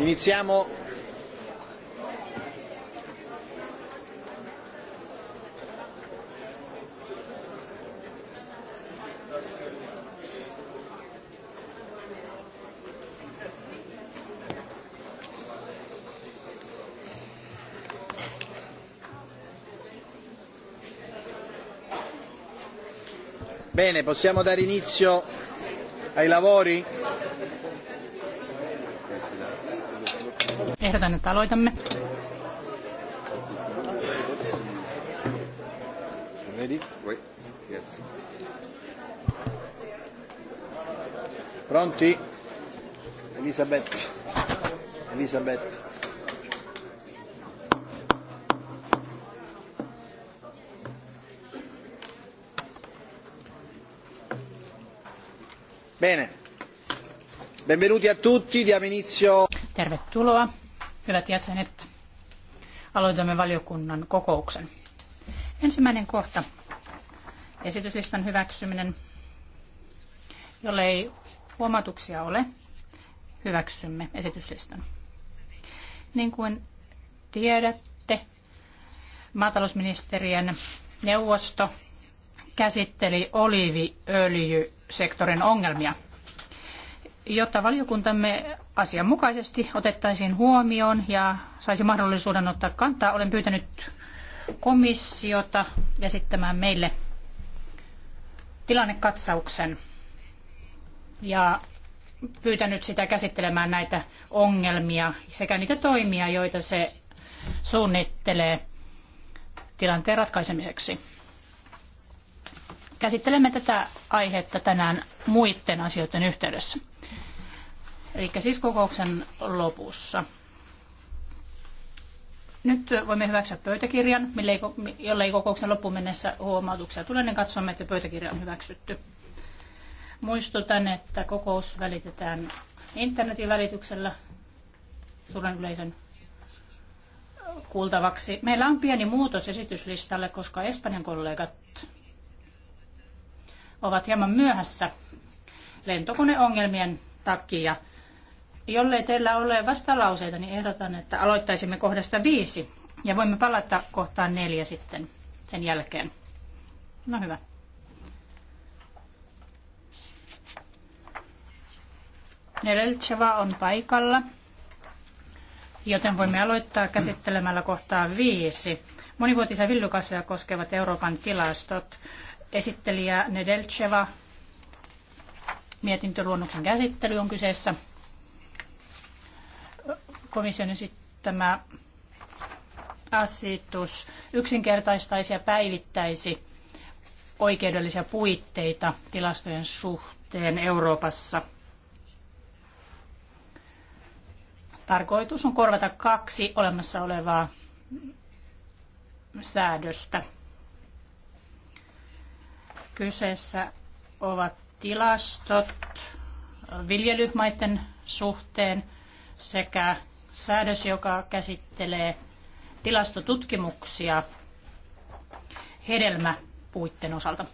Iniziamo. Bene, possiamo dare inizio ai lavori? Ehdotan, että aloitamme. Ready? Wait. Yes. Pronti? Elisabeth. Elisabeth. Bene. Benvenuti a tutti, diamo inizio. Tervetuloa. Hyvät jäsenet, aloitamme valiokunnan kokouksen. Ensimmäinen kohta. Esityslistan hyväksyminen. Jollei huomautuksia ole, hyväksymme esityslistan. Niin kuin tiedätte, maatalousministeriön neuvosto käsitteli oliiviöljysektorin ongelmia. Jotta valiokuntamme asianmukaisesti otettaisiin huomioon ja saisi mahdollisuuden ottaa kantaa. Olen pyytänyt komissiota esittämään meille tilannekatsauksen ja pyytänyt sitä käsittelemään näitä ongelmia sekä niitä toimia, joita se suunnittelee tilanteen ratkaisemiseksi. Käsittelemme tätä aihetta tänään muiden asioiden yhteydessä. Eli siis kokouksen lopussa. Nyt voimme hyväksyä pöytäkirjan, jolle ei kokouksen loppuun mennessä huomautuksia tule, niin katsomme, että pöytäkirja on hyväksytty. Muistutan, että kokous välitetään internetin välityksellä suuren yleisön kuultavaksi. Meillä on pieni muutos esityslistalle, koska Espanjan kollegat ovat hieman myöhässä lentokoneongelmien takia. Jollei teillä ole vastalauseita, niin ehdotan, että aloittaisimme kohdasta viisi ja voimme palata kohtaan neljä sitten sen jälkeen. No hyvä. Nedelcheva on paikalla, joten voimme aloittaa käsittelemällä kohtaa viisi. Monivuotisia villukasveja koskevat Euroopan tilastot. Esittelijä Nedelcheva. Mietintöluonnoksen käsittely on kyseessä komission esittämä asetus yksinkertaistaisi ja päivittäisi oikeudellisia puitteita tilastojen suhteen Euroopassa. Tarkoitus on korvata kaksi olemassa olevaa säädöstä. Kyseessä ovat tilastot viljelymaiden suhteen sekä säädös, joka käsittelee tilastotutkimuksia hedelmäpuitten osalta.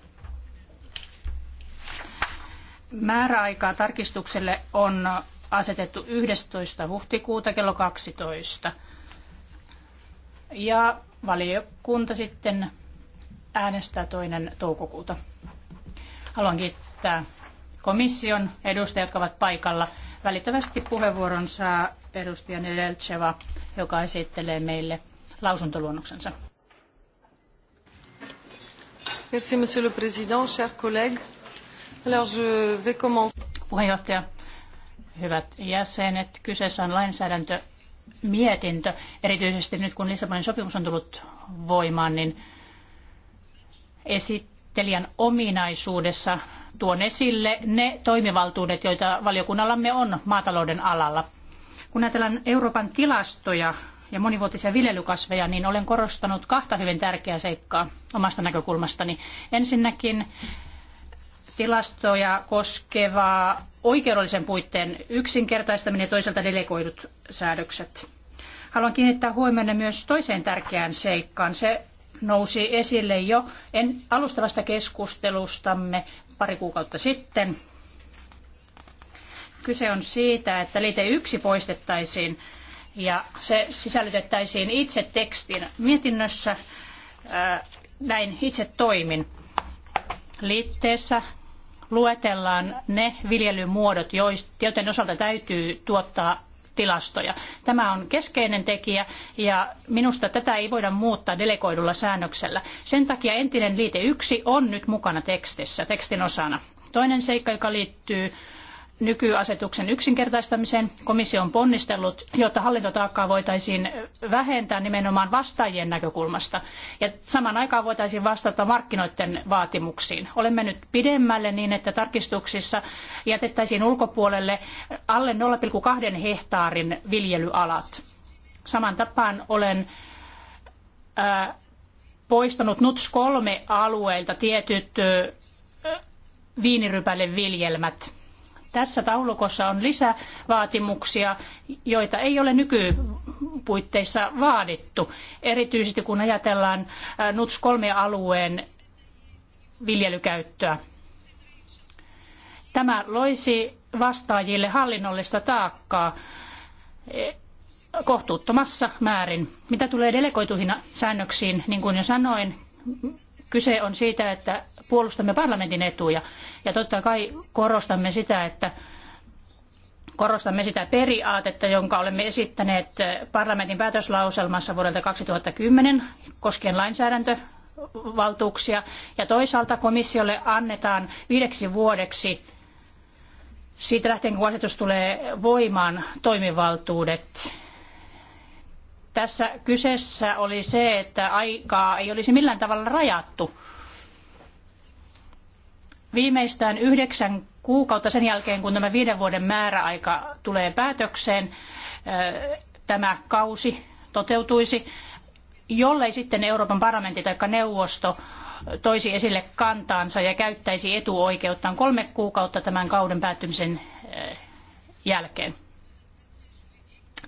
Määräaikaa tarkistukselle on asetettu 11. huhtikuuta kello 12. Ja valiokunta sitten äänestää toinen toukokuuta. Haluan kiittää komission edustajia, jotka ovat paikalla välittömästi puheenvuoron saa edustaja Nedeltseva, joka esittelee meille lausuntoluonnoksensa. Merci, monsieur le président, chers collègues. Alors, je vais commencer. Puheenjohtaja, hyvät jäsenet, kyseessä on lainsäädäntömietintö. Erityisesti nyt kun Lissabonin sopimus on tullut voimaan, niin esittelijän ominaisuudessa tuon esille ne toimivaltuudet, joita valiokunnallamme on maatalouden alalla. Kun ajatellaan Euroopan tilastoja ja monivuotisia viljelykasveja, niin olen korostanut kahta hyvin tärkeää seikkaa omasta näkökulmastani. Ensinnäkin tilastoja koskeva oikeudellisen puitteen yksinkertaistaminen ja toisaalta delegoidut säädökset. Haluan kiinnittää huomiota myös toiseen tärkeään seikkaan. Se nousi esille jo en, alustavasta keskustelustamme pari kuukautta sitten. Kyse on siitä, että liite yksi poistettaisiin ja se sisällytettäisiin itse tekstin mietinnössä. Äh, näin itse toimin. Liitteessä luetellaan ne viljelymuodot, joiden osalta täytyy tuottaa tilastoja. Tämä on keskeinen tekijä ja minusta tätä ei voida muuttaa delegoidulla säännöksellä. Sen takia entinen liite yksi on nyt mukana tekstissä, tekstin osana. Toinen seikka, joka liittyy nykyasetuksen yksinkertaistamiseen. Komissio on ponnistellut, jotta hallintotaakkaa voitaisiin vähentää nimenomaan vastaajien näkökulmasta. Ja saman aikaan voitaisiin vastata markkinoiden vaatimuksiin. Olemme nyt pidemmälle niin, että tarkistuksissa jätettäisiin ulkopuolelle alle 0,2 hehtaarin viljelyalat. Saman tapaan olen ää, poistanut NUTS 3 alueilta tietyt viinirypäleviljelmät tässä taulukossa on lisävaatimuksia, joita ei ole nykypuitteissa vaadittu, erityisesti kun ajatellaan äh, NUTS 3-alueen viljelykäyttöä. Tämä loisi vastaajille hallinnollista taakkaa e, kohtuuttomassa määrin. Mitä tulee delegoituihin säännöksiin, niin kuin jo sanoin, kyse on siitä, että puolustamme parlamentin etuja. Ja totta kai korostamme sitä, että korostamme sitä periaatetta, jonka olemme esittäneet parlamentin päätöslauselmassa vuodelta 2010 koskien lainsäädäntövaltuuksia. Ja toisaalta komissiolle annetaan viideksi vuodeksi siitä lähtien, kun asetus tulee voimaan, toimivaltuudet. Tässä kyseessä oli se, että aikaa ei olisi millään tavalla rajattu viimeistään yhdeksän kuukautta sen jälkeen, kun tämä viiden vuoden määräaika tulee päätökseen, tämä kausi toteutuisi, jollei sitten Euroopan parlamentti tai neuvosto toisi esille kantaansa ja käyttäisi etuoikeuttaan kolme kuukautta tämän kauden päättymisen jälkeen.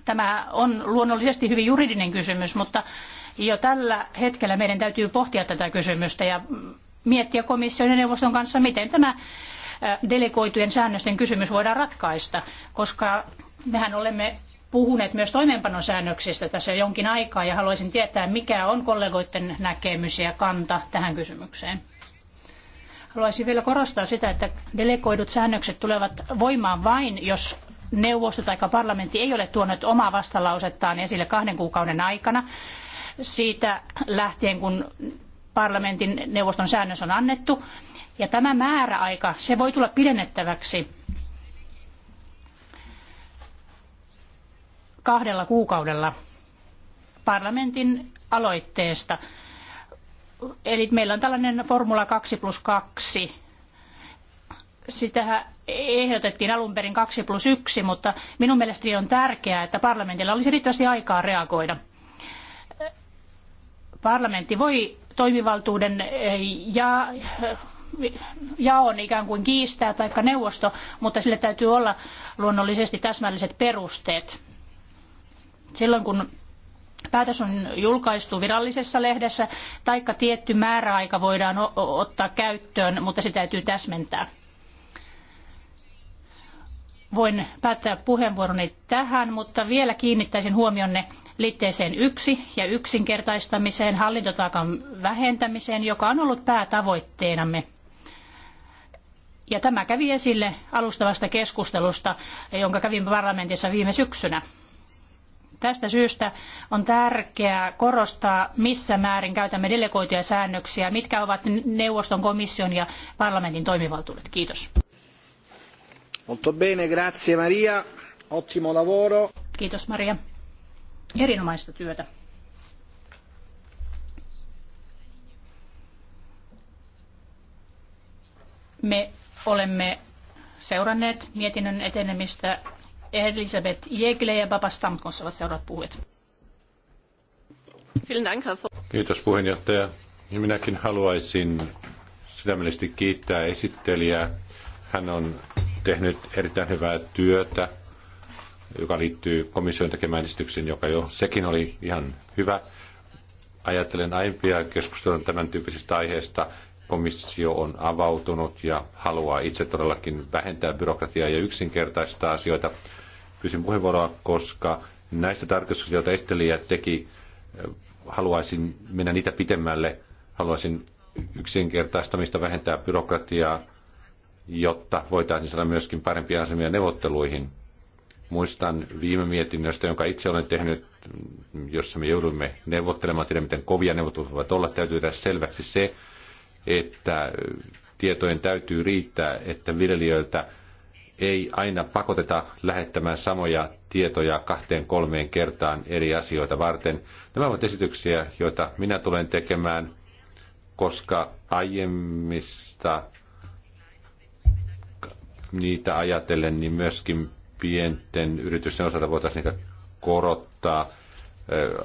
Tämä on luonnollisesti hyvin juridinen kysymys, mutta jo tällä hetkellä meidän täytyy pohtia tätä kysymystä ja miettiä komission ja neuvoston kanssa, miten tämä delegoitujen säännösten kysymys voidaan ratkaista, koska mehän olemme puhuneet myös toimeenpanosäännöksistä tässä jonkin aikaa ja haluaisin tietää, mikä on kollegoiden näkemys ja kanta tähän kysymykseen. Haluaisin vielä korostaa sitä, että delegoidut säännökset tulevat voimaan vain, jos neuvosto tai parlamentti ei ole tuonut omaa vastalausettaan esille kahden kuukauden aikana siitä lähtien, kun parlamentin neuvoston säännös on annettu. Ja tämä määräaika, se voi tulla pidennettäväksi kahdella kuukaudella parlamentin aloitteesta. Eli meillä on tällainen formula 2 plus 2. sitähän ehdotettiin alun perin 2 plus 1, mutta minun mielestäni on tärkeää, että parlamentilla olisi riittävästi aikaa reagoida. Parlamentti voi toimivaltuuden eh, ja eh, jaon ikään kuin kiistää tai neuvosto, mutta sille täytyy olla luonnollisesti täsmälliset perusteet. Silloin kun päätös on julkaistu virallisessa lehdessä, taikka tietty määräaika voidaan ottaa käyttöön, mutta se täytyy täsmentää voin päättää puheenvuoroni tähän, mutta vielä kiinnittäisin huomionne liitteeseen yksi ja yksinkertaistamiseen, hallintotaakan vähentämiseen, joka on ollut päätavoitteenamme. Ja tämä kävi esille alustavasta keskustelusta, jonka kävimme parlamentissa viime syksynä. Tästä syystä on tärkeää korostaa, missä määrin käytämme delegoituja säännöksiä, mitkä ovat neuvoston, komission ja parlamentin toimivaltuudet. Kiitos. Molto bene, grazie Maria. Ottimo lavoro. Kiitos Maria. Erinomaista työtä. Me olemme seuranneet mietinnön etenemistä. Elisabeth Jegle ja Papa Stamkos ovat seuraavat puhujat. Kiitos puheenjohtaja. Ja minäkin haluaisin sydämellisesti kiittää esittelijää. Hän on tehnyt erittäin hyvää työtä, joka liittyy komission tekemään esitykseen, joka jo sekin oli ihan hyvä. Ajattelen aiempia keskustelun tämän tyyppisistä aiheista. Komissio on avautunut ja haluaa itse todellakin vähentää byrokratiaa ja yksinkertaistaa asioita. Pysyn puheenvuoroa, koska näistä tarkoituksista, joita esittelijä teki, haluaisin mennä niitä pitemmälle. Haluaisin yksinkertaistamista, vähentää byrokratiaa, jotta voitaisiin saada myöskin parempia asemia neuvotteluihin. Muistan viime mietinnöstä, jonka itse olen tehnyt, jossa me joudumme neuvottelemaan, tiedän miten kovia neuvottelut voivat olla, täytyy tehdä selväksi se, että tietojen täytyy riittää, että viljelijöiltä ei aina pakoteta lähettämään samoja tietoja kahteen kolmeen kertaan eri asioita varten. Nämä ovat esityksiä, joita minä tulen tekemään, koska aiemmista niitä ajatellen, niin myöskin pienten yritysten osalta voitaisiin korottaa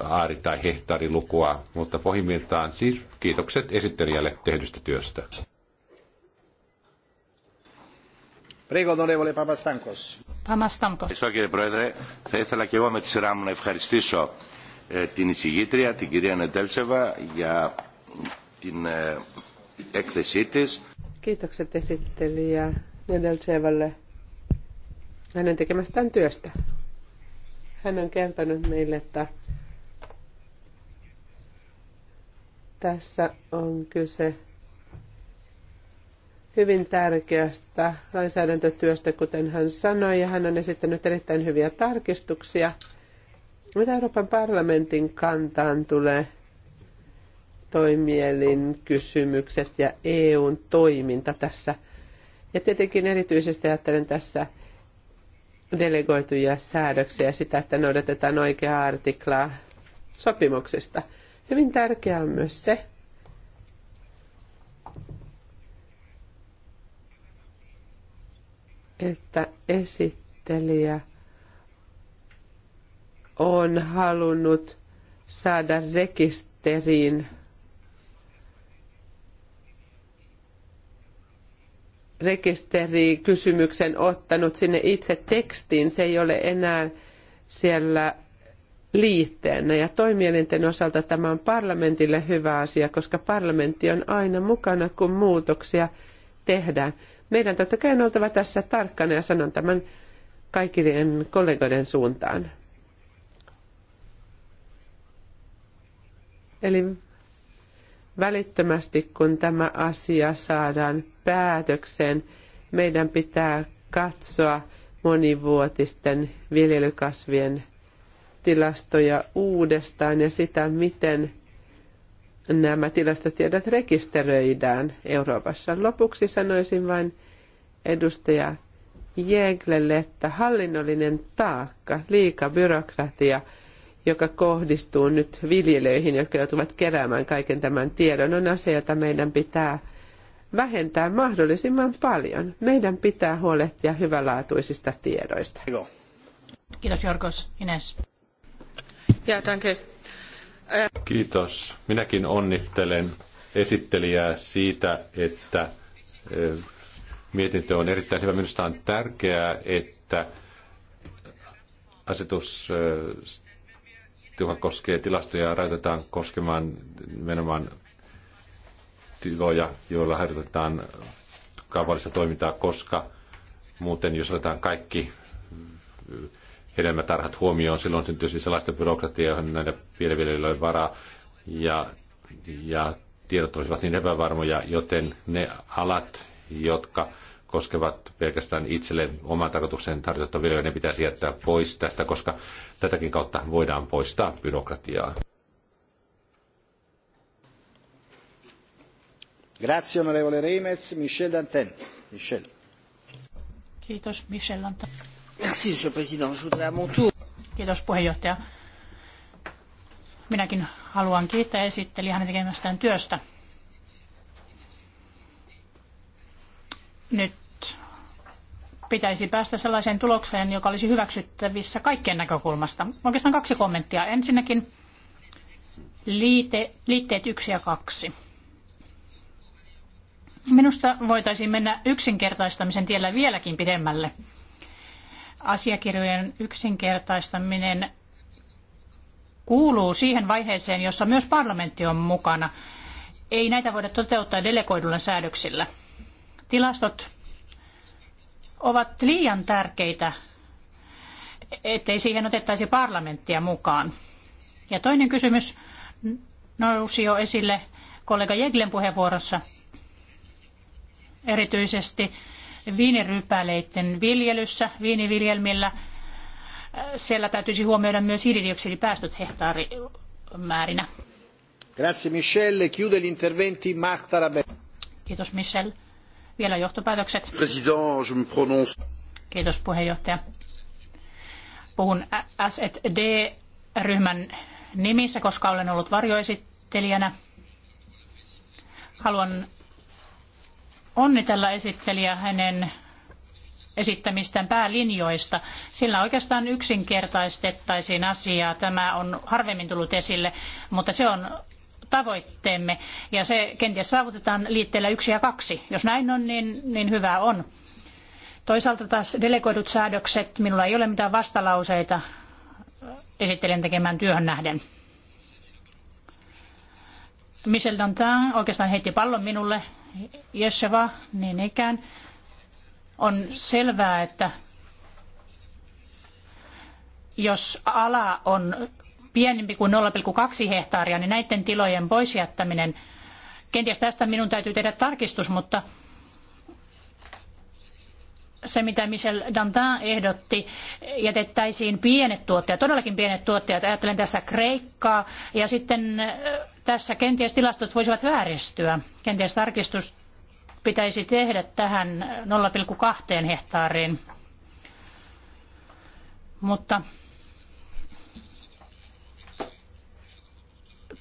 aari- tai hehtaarilukua, mutta pohjimmiltaan siis kiitokset esittelijälle tehdystä työstä. Prego, onorevole Papastamkos. stankos. Ευχαριστώ κύριε Πρόεδρε. Θα ήθελα και εγώ με τη σειρά μου να ευχαριστήσω ε, την εισηγήτρια, την κυρία Νετέλτσεβα, για την έκθεσή της. Kiitokset esittelijä Nedeltsevalle hänen tekemästään työstä. Hän on kertonut meille, että tässä on kyse hyvin tärkeästä lainsäädäntötyöstä, kuten hän sanoi, ja hän on esittänyt erittäin hyviä tarkistuksia. Mitä Euroopan parlamentin kantaan tulee toimielin kysymykset ja EUn toiminta tässä – ja tietenkin erityisesti ajattelen tässä delegoituja säädöksiä sitä, että noudatetaan oikeaa artiklaa sopimuksesta. Hyvin tärkeää on myös se, että esittelijä on halunnut saada rekisteriin rekisterikysymyksen ottanut sinne itse tekstiin, se ei ole enää siellä liitteenä. Ja toimielinten osalta tämä on parlamentille hyvä asia, koska parlamentti on aina mukana, kun muutoksia tehdään. Meidän totta kai on oltava tässä tarkkana ja sanon tämän kaikkien kollegoiden suuntaan. Eli välittömästi, kun tämä asia saadaan päätökseen, meidän pitää katsoa monivuotisten viljelykasvien tilastoja uudestaan ja sitä, miten nämä tilastotiedot rekisteröidään Euroopassa. Lopuksi sanoisin vain edustaja Jeglelle, että hallinnollinen taakka, liika byrokratia – joka kohdistuu nyt viljelijöihin, jotka joutuvat keräämään kaiken tämän tiedon, on asia, jota meidän pitää vähentää mahdollisimman paljon. Meidän pitää huolehtia hyvälaatuisista tiedoista. Kiitos Jorgos. Ines. Ja, danke. Kiitos. Minäkin onnittelen esittelijää siitä, että e, mietintö on erittäin hyvä. Minusta on tärkeää, että asetus e, joka koskee tilastoja, rajoitetaan koskemaan nimenomaan tiloja, joilla harjoitetaan kaupallista toimintaa, koska muuten jos otetaan kaikki hedelmätarhat huomioon, silloin syntyisi siis sellaista byrokratiaa, johon näillä pienviljelijöillä ei varaa, ja, ja tiedot olisivat niin epävarmoja, joten ne alat, jotka koskevat pelkästään itselleen oman tarkoituksen tarjottua videoja, ne pitäisi jättää pois tästä, koska tätäkin kautta voidaan poistaa byrokratiaa. Grazie onorevole Reimers, Michel Danten. Michel. Kiitos Michel Danten. Merci, monsieur président. Je voudrais à mon tour. Kiitos puheenjohtaja. Minäkin haluan kiittää esittelijä hänen tekemästään työstä. nyt pitäisi päästä sellaiseen tulokseen, joka olisi hyväksyttävissä kaikkien näkökulmasta. Oikeastaan kaksi kommenttia. Ensinnäkin liite, liitteet yksi ja kaksi. Minusta voitaisiin mennä yksinkertaistamisen tiellä vieläkin pidemmälle. Asiakirjojen yksinkertaistaminen kuuluu siihen vaiheeseen, jossa myös parlamentti on mukana. Ei näitä voida toteuttaa delegoidulla säädöksillä. Tilastot ovat liian tärkeitä, ettei siihen otettaisi parlamenttia mukaan. Ja toinen kysymys nousi jo esille kollega Jeglen puheenvuorossa. Erityisesti viinirypäleiden viljelyssä, viiniviljelmillä, siellä täytyisi huomioida myös hiilidioksidipäästöt hehtaarimäärinä. Grazie Michelle. Chiude gli interventi Mark Tarabella. Kiitos Michelle. Vielä johtopäätökset. President, je me prononce. Kiitos puheenjohtaja. Puhun SD-ryhmän nimissä, koska olen ollut varjoesittelijänä. Haluan onnitella esittelijä hänen esittämistään päälinjoista, sillä oikeastaan yksinkertaistettaisiin asiaa. Tämä on harvemmin tullut esille, mutta se on tavoitteemme ja se kenties saavutetaan liitteellä yksi ja kaksi. Jos näin on, niin, niin hyvä on. Toisaalta taas delegoidut säädökset, minulla ei ole mitään vastalauseita äh, esittelen tekemään työhön nähden. Michel Dantin oikeastaan heitti pallon minulle, Jesseva, niin ikään. On selvää, että jos ala on pienempi kuin 0,2 hehtaaria, niin näiden tilojen poisjättäminen, kenties tästä minun täytyy tehdä tarkistus, mutta se, mitä Michel Dantin ehdotti, jätettäisiin pienet tuottajat, todellakin pienet tuottajat. Ajattelen tässä Kreikkaa ja sitten tässä kenties tilastot voisivat vääristyä. Kenties tarkistus pitäisi tehdä tähän 0,2 hehtaariin. Mutta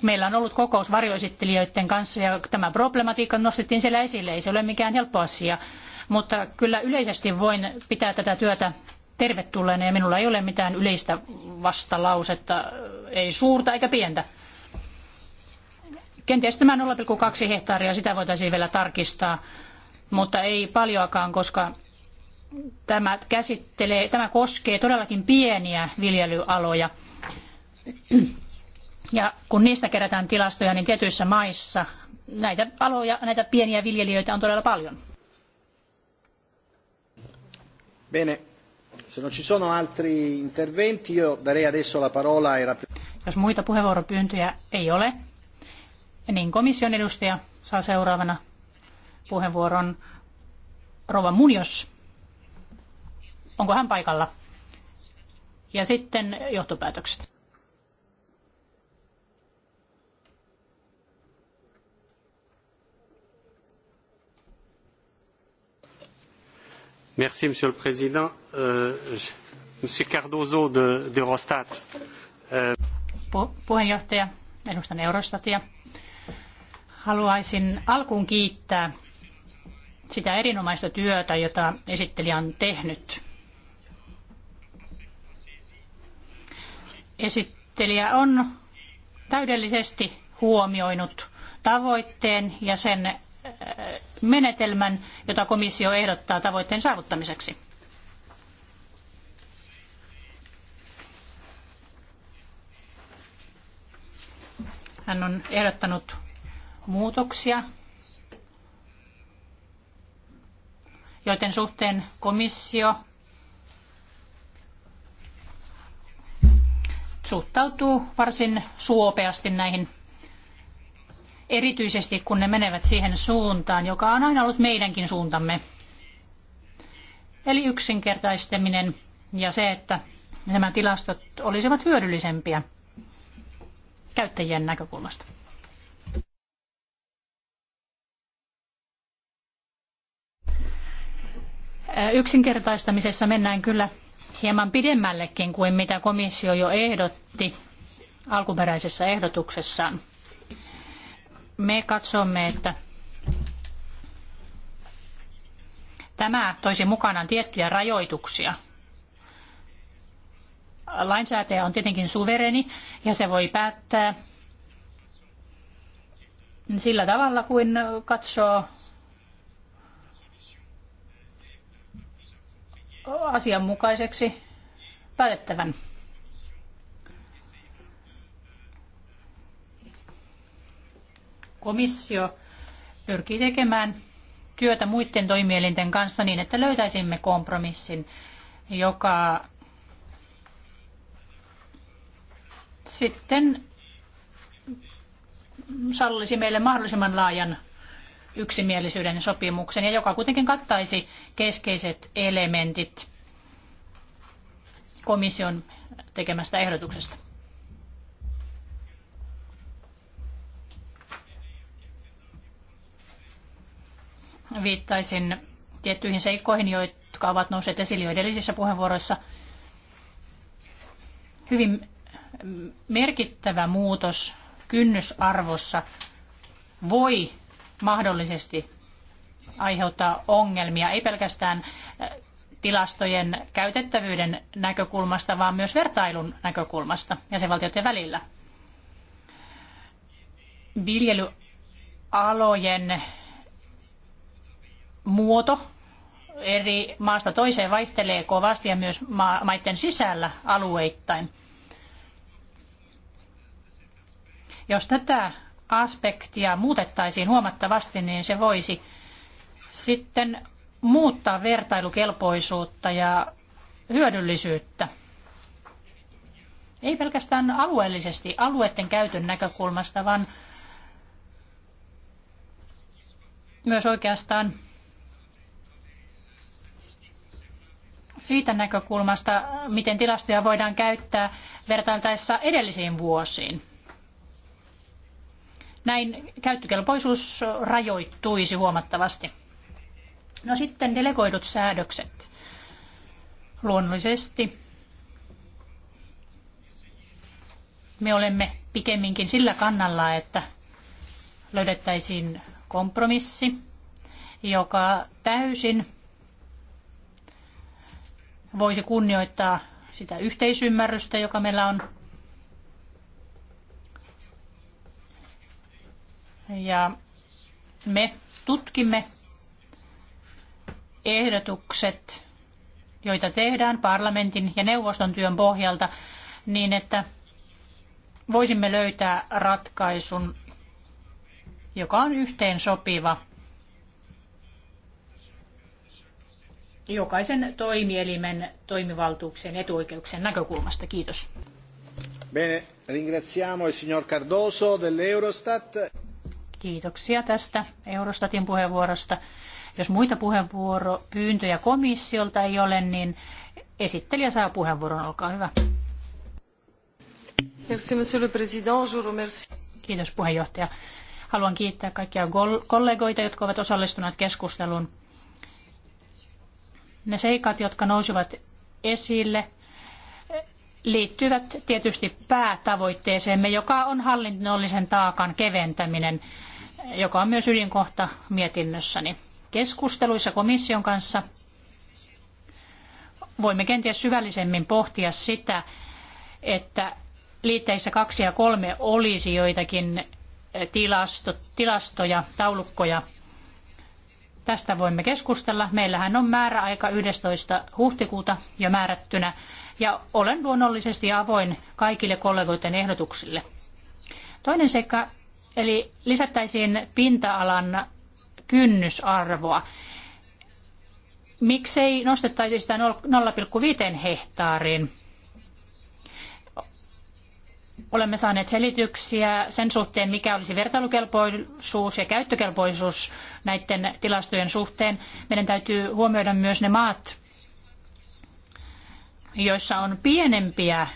Meillä on ollut kokous varjoesittelijöiden kanssa ja tämä problematiikka nostettiin siellä esille. Ei se ole mikään helppo asia, mutta kyllä yleisesti voin pitää tätä työtä tervetulleena ja minulla ei ole mitään yleistä vastalausetta, ei suurta eikä pientä. Kenties tämä 0,2 hehtaaria, sitä voitaisiin vielä tarkistaa, mutta ei paljoakaan, koska tämä, käsittelee, tämä koskee todellakin pieniä viljelyaloja. Ja kun niistä kerätään tilastoja, niin tietyissä maissa näitä aloja, näitä pieniä viljelijöitä on todella paljon. Bene. Se non ci sono altri interventi, io darei adesso la parola ai Jos muita puheenvuoropyyntöjä ei ole, niin komission edustaja saa seuraavana puheenvuoron Rova Munios? Onko hän paikalla? Ja sitten johtopäätökset. Merci, Monsieur le Président. Euh, Monsieur Cardozo de, Euh... puheenjohtaja, edustan Eurostatia. Haluaisin alkuun kiittää sitä erinomaista työtä, jota esittelijä on tehnyt. Esittelijä on täydellisesti huomioinut tavoitteen ja sen menetelmän, jota komissio ehdottaa tavoitteen saavuttamiseksi. Hän on ehdottanut muutoksia, joiden suhteen komissio suhtautuu varsin suopeasti näihin erityisesti kun ne menevät siihen suuntaan, joka on aina ollut meidänkin suuntamme. Eli yksinkertaistaminen ja se, että nämä tilastot olisivat hyödyllisempiä käyttäjien näkökulmasta. Yksinkertaistamisessa mennään kyllä hieman pidemmällekin kuin mitä komissio jo ehdotti alkuperäisessä ehdotuksessaan. Me katsomme, että tämä toisi mukanaan tiettyjä rajoituksia. Lainsäätäjä on tietenkin suvereni ja se voi päättää sillä tavalla kuin katsoo asianmukaiseksi päätettävän. komissio pyrkii tekemään työtä muiden toimielinten kanssa niin, että löytäisimme kompromissin, joka sitten sallisi meille mahdollisimman laajan yksimielisyyden sopimuksen ja joka kuitenkin kattaisi keskeiset elementit komission tekemästä ehdotuksesta. viittaisin tiettyihin seikkoihin, jotka ovat nousseet esille jo edellisissä puheenvuoroissa. Hyvin merkittävä muutos kynnysarvossa voi mahdollisesti aiheuttaa ongelmia, ei pelkästään äh, tilastojen käytettävyyden näkökulmasta, vaan myös vertailun näkökulmasta jäsenvaltioiden välillä. Viljelyalojen muoto eri maasta toiseen vaihtelee kovasti ja myös maiden sisällä alueittain. Jos tätä aspektia muutettaisiin huomattavasti, niin se voisi sitten muuttaa vertailukelpoisuutta ja hyödyllisyyttä. Ei pelkästään alueellisesti, alueiden käytön näkökulmasta, vaan myös oikeastaan siitä näkökulmasta, miten tilastoja voidaan käyttää vertailtaessa edellisiin vuosiin. Näin käyttökelpoisuus rajoittuisi huomattavasti. No sitten delegoidut säädökset. Luonnollisesti me olemme pikemminkin sillä kannalla, että löydettäisiin kompromissi, joka täysin voisi kunnioittaa sitä yhteisymmärrystä, joka meillä on. Ja me tutkimme ehdotukset, joita tehdään parlamentin ja neuvoston työn pohjalta, niin että voisimme löytää ratkaisun, joka on yhteen sopiva jokaisen toimielimen toimivaltuuksien etuoikeuksien näkökulmasta. Kiitos. Bene, ringraziamo il signor Cardoso dell'Eurostat. Kiitoksia tästä Eurostatin puheenvuorosta. Jos muita puheenvuoropyyntöjä komissiolta ei ole, niin esittelijä saa puheenvuoron. Olkaa hyvä. Merci, monsieur le président. Kiitos puheenjohtaja. Haluan kiittää kaikkia kollegoita, jotka ovat osallistuneet keskusteluun. Ne seikat, jotka nousivat esille, liittyvät tietysti päätavoitteeseemme, joka on hallinnollisen taakan keventäminen, joka on myös ydinkohta mietinnössäni. Keskusteluissa komission kanssa voimme kenties syvällisemmin pohtia sitä, että liitteissä kaksi ja kolme olisi joitakin tilasto, tilastoja, taulukkoja, Tästä voimme keskustella. Meillähän on määräaika 11. huhtikuuta jo määrättynä ja olen luonnollisesti avoin kaikille kollegoiden ehdotuksille. Toinen seikka, eli lisättäisiin pinta-alan kynnysarvoa. Miksei nostettaisi sitä 0,5 hehtaariin? Olemme saaneet selityksiä sen suhteen, mikä olisi vertailukelpoisuus ja käyttökelpoisuus näiden tilastojen suhteen. Meidän täytyy huomioida myös ne maat, joissa on pienempiä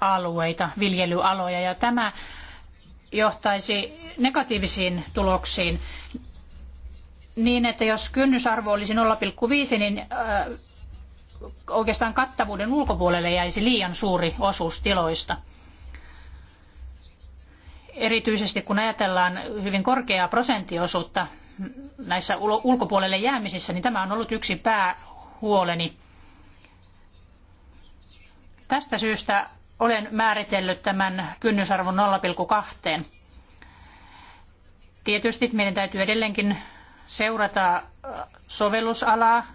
alueita, viljelyaloja, ja tämä johtaisi negatiivisiin tuloksiin. Niin, että jos kynnysarvo olisi 0,5, niin oikeastaan kattavuuden ulkopuolelle jäisi liian suuri osuus tiloista erityisesti kun ajatellaan hyvin korkeaa prosenttiosuutta näissä ulkopuolelle jäämisissä, niin tämä on ollut yksi päähuoleni. Tästä syystä olen määritellyt tämän kynnysarvon 0,2. Tietysti meidän täytyy edelleenkin seurata äh, sovellusalaa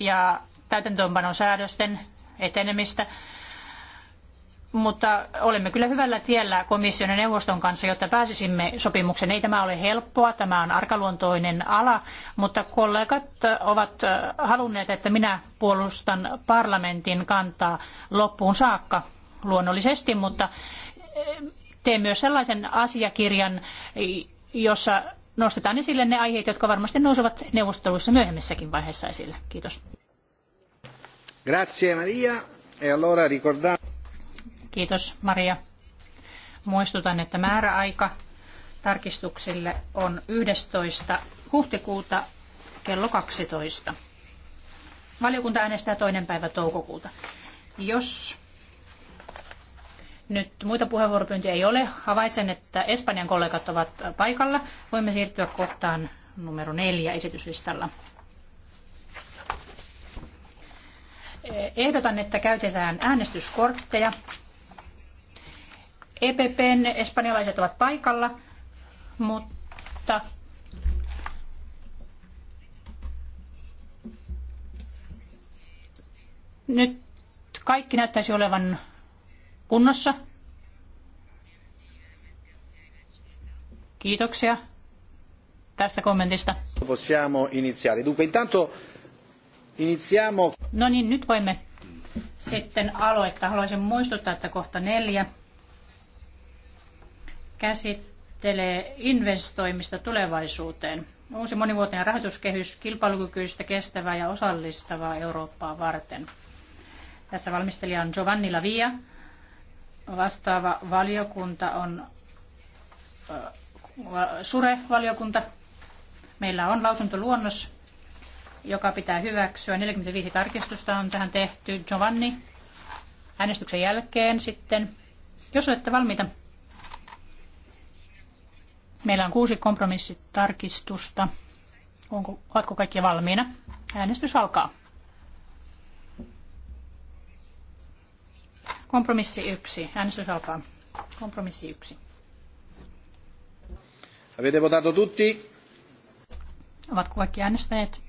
ja täytäntöönpanon säädösten etenemistä mutta olemme kyllä hyvällä tiellä komission ja neuvoston kanssa, jotta pääsisimme sopimukseen. Ei tämä ole helppoa, tämä on arkaluontoinen ala, mutta kollegat ovat halunneet, että minä puolustan parlamentin kantaa loppuun saakka luonnollisesti, mutta teen myös sellaisen asiakirjan, jossa nostetaan esille ne aiheet, jotka varmasti nousevat neuvotteluissa myöhemmässäkin vaiheessa esille. Kiitos. Grazie Maria. E allora ricordando Kiitos Maria. Muistutan, että määräaika tarkistuksille on 11. huhtikuuta kello 12. Valiokunta äänestää toinen päivä toukokuuta. Jos nyt muita puheenvuoropyyntöjä ei ole, havaitsen, että Espanjan kollegat ovat paikalla. Voimme siirtyä kohtaan numero neljä esityslistalla. Ehdotan, että käytetään äänestyskortteja EPPn espanjalaiset ovat paikalla, mutta nyt kaikki näyttäisi olevan kunnossa. Kiitoksia tästä kommentista. Possiamo iniziare. Dunque, intanto iniziamo. No niin, nyt voimme sitten aloittaa. Haluaisin muistuttaa, että kohta neljä käsittelee investoimista tulevaisuuteen. Uusi monivuotinen rahoituskehys kilpailukykyistä, kestävää ja osallistavaa Eurooppaa varten. Tässä valmistelija on Giovanni Lavia. Vastaava valiokunta on SURE-valiokunta. Meillä on lausuntoluonnos, joka pitää hyväksyä. 45 tarkistusta on tähän tehty. Giovanni, äänestyksen jälkeen sitten. Jos olette valmiita, Meillä on kuusi kompromissitarkistusta. Onko, ovatko kaikki valmiina? Äänestys alkaa. Kompromissi yksi. Äänestys alkaa. Kompromissi yksi. Avete votato tutti? Ovatko kaikki äänestäneet?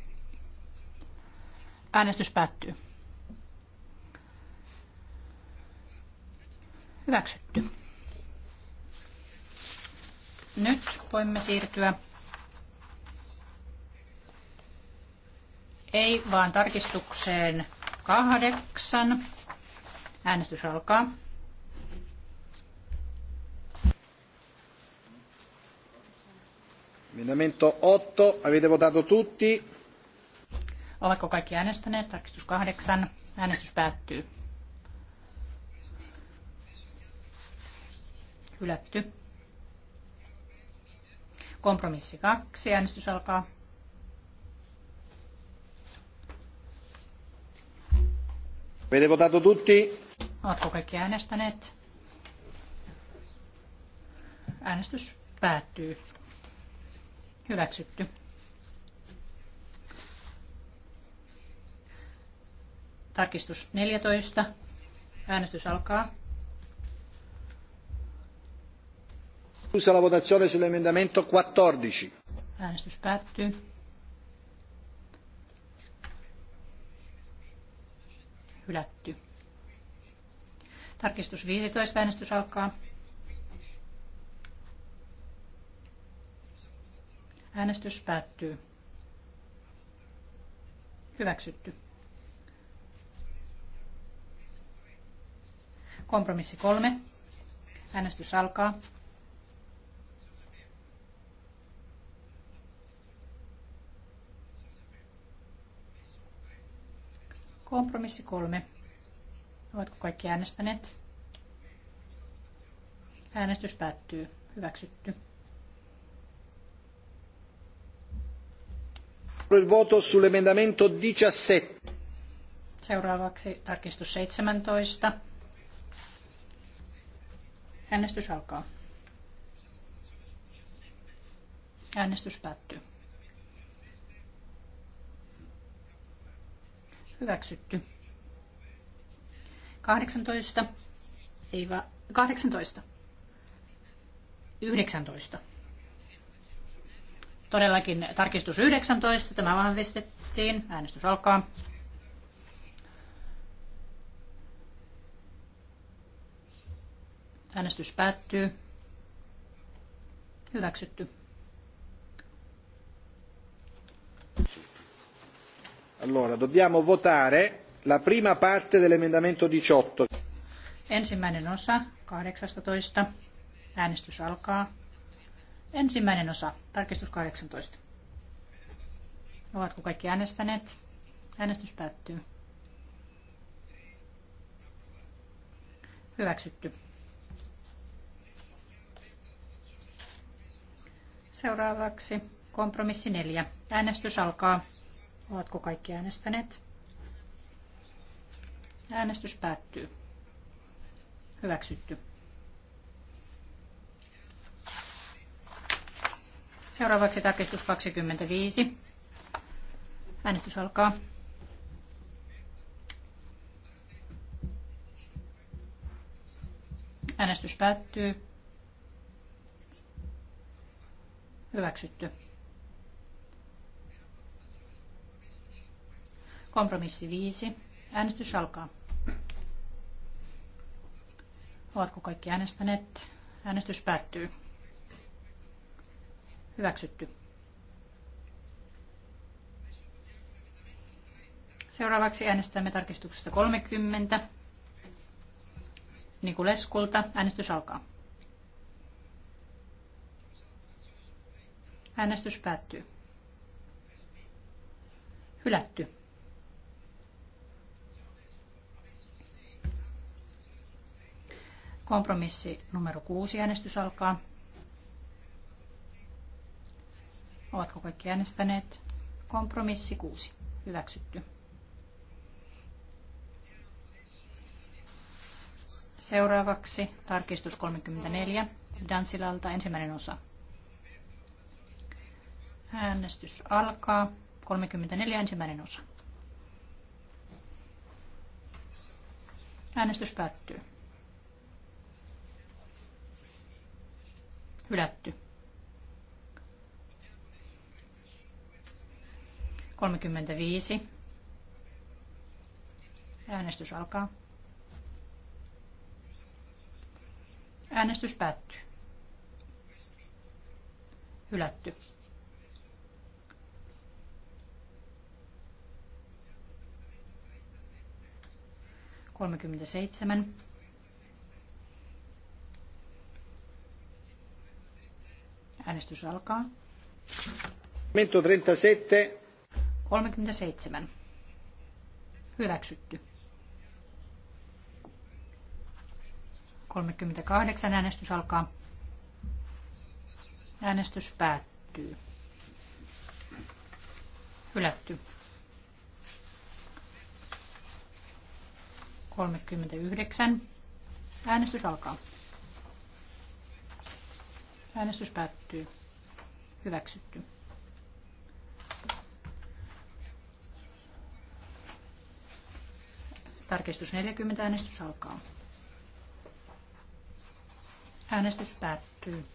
Äänestys päättyy. Hyväksytty. Nyt voimme siirtyä. Ei, vaan tarkistukseen kahdeksan. Äänestys alkaa. Emendamento 8, avete votato tutti? Ovatko kaikki äänestäneet? Tarkistus 8. Äänestys päättyy. Hylätty. Kompromissi 2. Äänestys alkaa. Avete votato tutti? Oletko kaikki äänestäneet? Äänestys päättyy. Hyväksytty. Tarkistus 14. Äänestys alkaa. Chiusa la votazione sull'emendamento 14. Äänestys päättyy. Hylätty. Tarkistus 15. Äänestys alkaa. Äänestys päättyy. Hyväksytty. Kompromissi kolme. Äänestys alkaa. Kompromissi kolme. Ovatko kaikki äänestäneet? Äänestys päättyy. Hyväksytty. voto 17. Seuraavaksi tarkistus 17. Äänestys alkaa. Äänestys päättyy. Hyväksytty. 18. Ei va, 18. 19. Todellakin tarkistus 19. Tämä vahvistettiin. Äänestys alkaa. Äänestys päättyy. Hyväksytty. Allora, dobbiamo votare la prima parte dell'emendamento 18. Ensimmäinen osa 18. Äänestys alkaa. Ensimmäinen osa, tarkistus 18. Ovatko kaikki äänestäneet? Äänestys päättyy. Hyväksytty. Seuraavaksi kompromissi 4. Äänestys alkaa. Ovatko kaikki äänestäneet? Äänestys päättyy. Hyväksytty. Seuraavaksi tarkistus 25. Äänestys alkaa. Äänestys päättyy. Hyväksytty. Kompromissi 5. Äänestys alkaa. Ovatko kaikki äänestäneet? Äänestys päättyy. Hyväksytty. Seuraavaksi äänestämme tarkistuksesta 30. Nikuleskulta. Äänestys alkaa. Äänestys päättyy. Hylätty. Kompromissi numero kuusi äänestys alkaa. Ovatko kaikki äänestäneet? Kompromissi kuusi Hyväksytty. Seuraavaksi tarkistus 34. Dansilalta ensimmäinen osa. Äänestys alkaa. 34 ensimmäinen osa. Äänestys päättyy. Hylätty. 35. Äänestys alkaa. Äänestys päättyy. Hylätty. Kolmekymmentäseitsemän. Äänestys alkaa. Mento 37. 37. Hyväksytty. 38. Äänestys alkaa. Äänestys päättyy. Hylätty. 39. Äänestys alkaa. Äänestys päättyy. Hyväksytty. Tarkistus 40. Äänestys alkaa. Äänestys päättyy.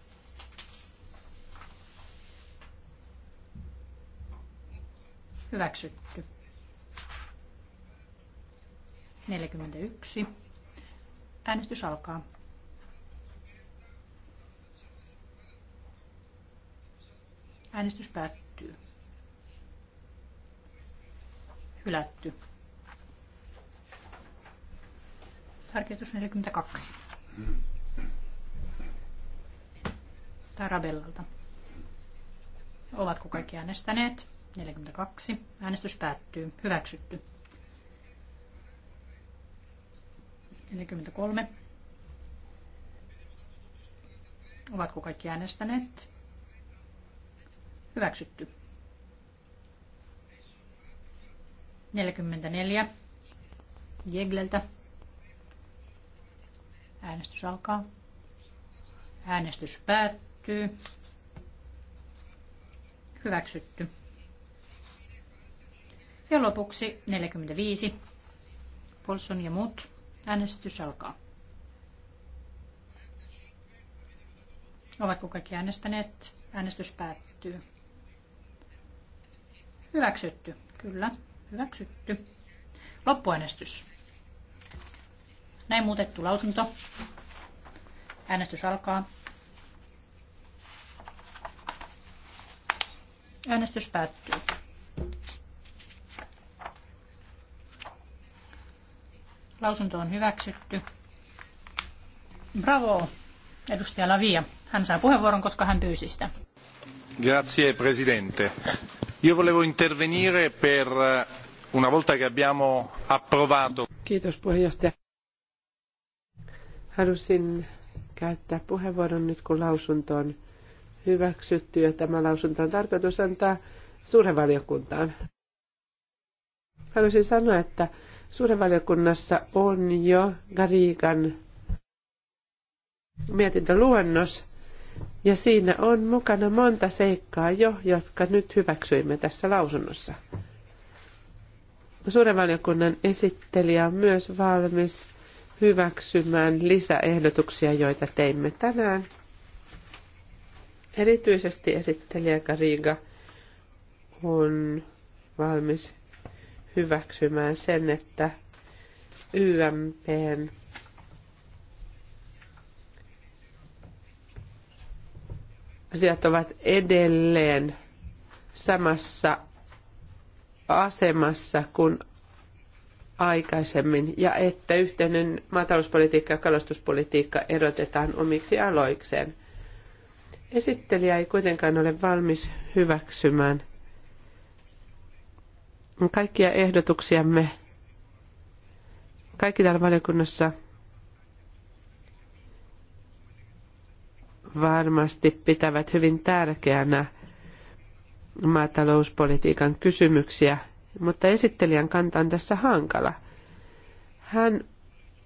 Hyväksytty. 41. Äänestys alkaa. Äänestys päättyy. Hylätty. Tarkistus 42. Tarabellalta. Ovatko kaikki äänestäneet? 42. Äänestys päättyy. Hyväksytty. 43. Ovatko kaikki äänestäneet? Hyväksytty. 44. Jegleltä. Äänestys alkaa. Äänestys päättyy. Hyväksytty. Ja lopuksi 45. Polson ja muut. Äänestys alkaa. Ovatko kaikki äänestäneet? Äänestys päättyy. Hyväksytty. Kyllä. Hyväksytty. Loppuäänestys. Näin muutettu lausunto. Äänestys alkaa. Äänestys päättyy. Lausunto on hyväksytty. Bravo, edustaja Lavia. Hän saa puheenvuoron, koska hän pyysi sitä. Grazie, presidente. Io volevo intervenire per eh, una volta che abbiamo approvato. Kiitos puheenjohtaja. Halusin käyttää puheenvuoron nyt kun lausunto on hyväksytty ja tämä lausunto on tarkoitus antaa suuren valiokuntaan. Haluaisin sanoa, että suuren valiokunnassa on jo Garigan mietintöluonnos ja siinä on mukana monta seikkaa jo, jotka nyt hyväksyimme tässä lausunnossa. Suuren valiokunnan esittelijä on myös valmis hyväksymään lisäehdotuksia, joita teimme tänään. Erityisesti esittelijä Kariga on valmis hyväksymään sen, että YMPn asiat ovat edelleen samassa asemassa kuin aikaisemmin ja että yhteinen maatalouspolitiikka ja kalastuspolitiikka erotetaan omiksi aloikseen. Esittelijä ei kuitenkaan ole valmis hyväksymään kaikkia ehdotuksiamme. Kaikki täällä valiokunnassa varmasti pitävät hyvin tärkeänä maatalouspolitiikan kysymyksiä, mutta esittelijän kanta on tässä hankala. Hän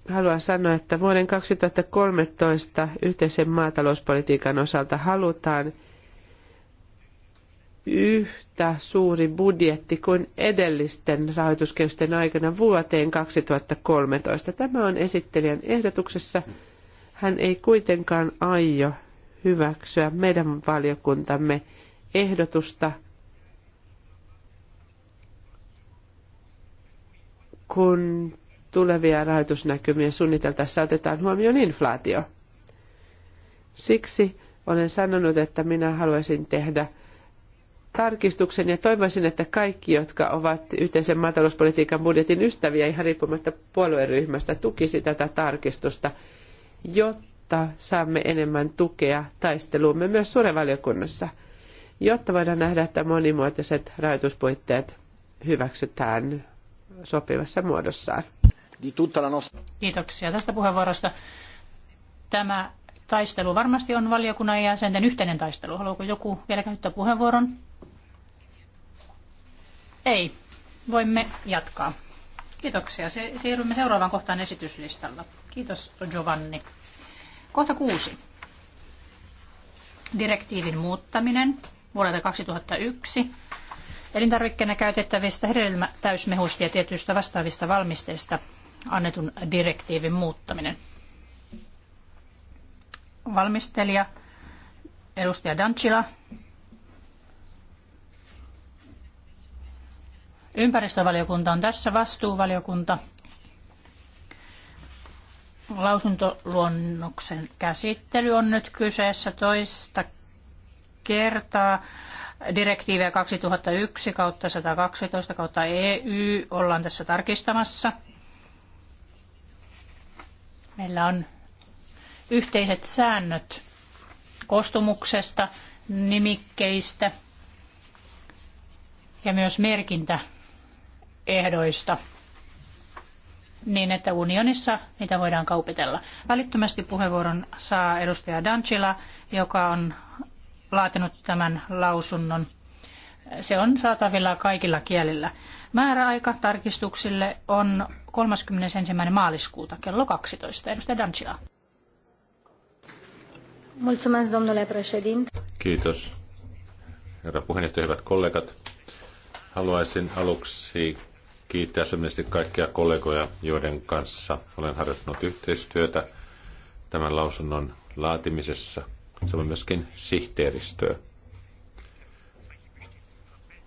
haluaa sanoa, että vuoden 2013 yhteisen maatalouspolitiikan osalta halutaan yhtä suuri budjetti kuin edellisten rahoituskehysten aikana vuoteen 2013. Tämä on esittelijän ehdotuksessa. Hän ei kuitenkaan aio hyväksyä meidän valiokuntamme ehdotusta, kun tulevia rahoitusnäkymiä suunniteltaessa otetaan huomioon inflaatio. Siksi olen sanonut, että minä haluaisin tehdä tarkistuksen ja toivoisin, että kaikki, jotka ovat yhteisen maatalouspolitiikan budjetin ystäviä ihan riippumatta puolueryhmästä, tukisi tätä tarkistusta, jotta jotta saamme enemmän tukea taisteluumme myös suurevaliokunnassa, jotta voidaan nähdä, että monimuotoiset rajoituspuitteet hyväksytään sopivassa muodossaan. Kiitoksia tästä puheenvuorosta. Tämä taistelu varmasti on valiokunnan jäsenten yhteinen taistelu. Haluaako joku vielä käyttää puheenvuoron? Ei. Voimme jatkaa. Kiitoksia. Siirrymme seuraavaan kohtaan esityslistalla. Kiitos Giovanni. Kohta kuusi. Direktiivin muuttaminen vuodelta 2001 elintarvikkeena käytettävistä hedelmätäysmehusta ja tietyistä vastaavista valmisteista annetun direktiivin muuttaminen. Valmistelija edustaja Dancila. Ympäristövaliokunta on tässä vastuuvaliokunta. Lausuntoluonnoksen käsittely on nyt kyseessä toista kertaa. Direktiiviä 2001 kautta 112 kautta EU ollaan tässä tarkistamassa. Meillä on yhteiset säännöt kostumuksesta, nimikkeistä ja myös merkintäehdoista. ehdoista niin, että unionissa niitä voidaan kaupitella. Välittömästi puheenvuoron saa edustaja Dancila, joka on laatinut tämän lausunnon. Se on saatavilla kaikilla kielillä. Määräaika tarkistuksille on 31. maaliskuuta kello 12. Edustaja Dancila. Mulțumesc, domnule Kiitos. Herra puheenjohtaja, hyvät kollegat. Haluaisin aluksi kiittää sydämellisesti kaikkia kollegoja, joiden kanssa olen harjoittanut yhteistyötä tämän lausunnon laatimisessa, samoin myöskin sihteeristöä.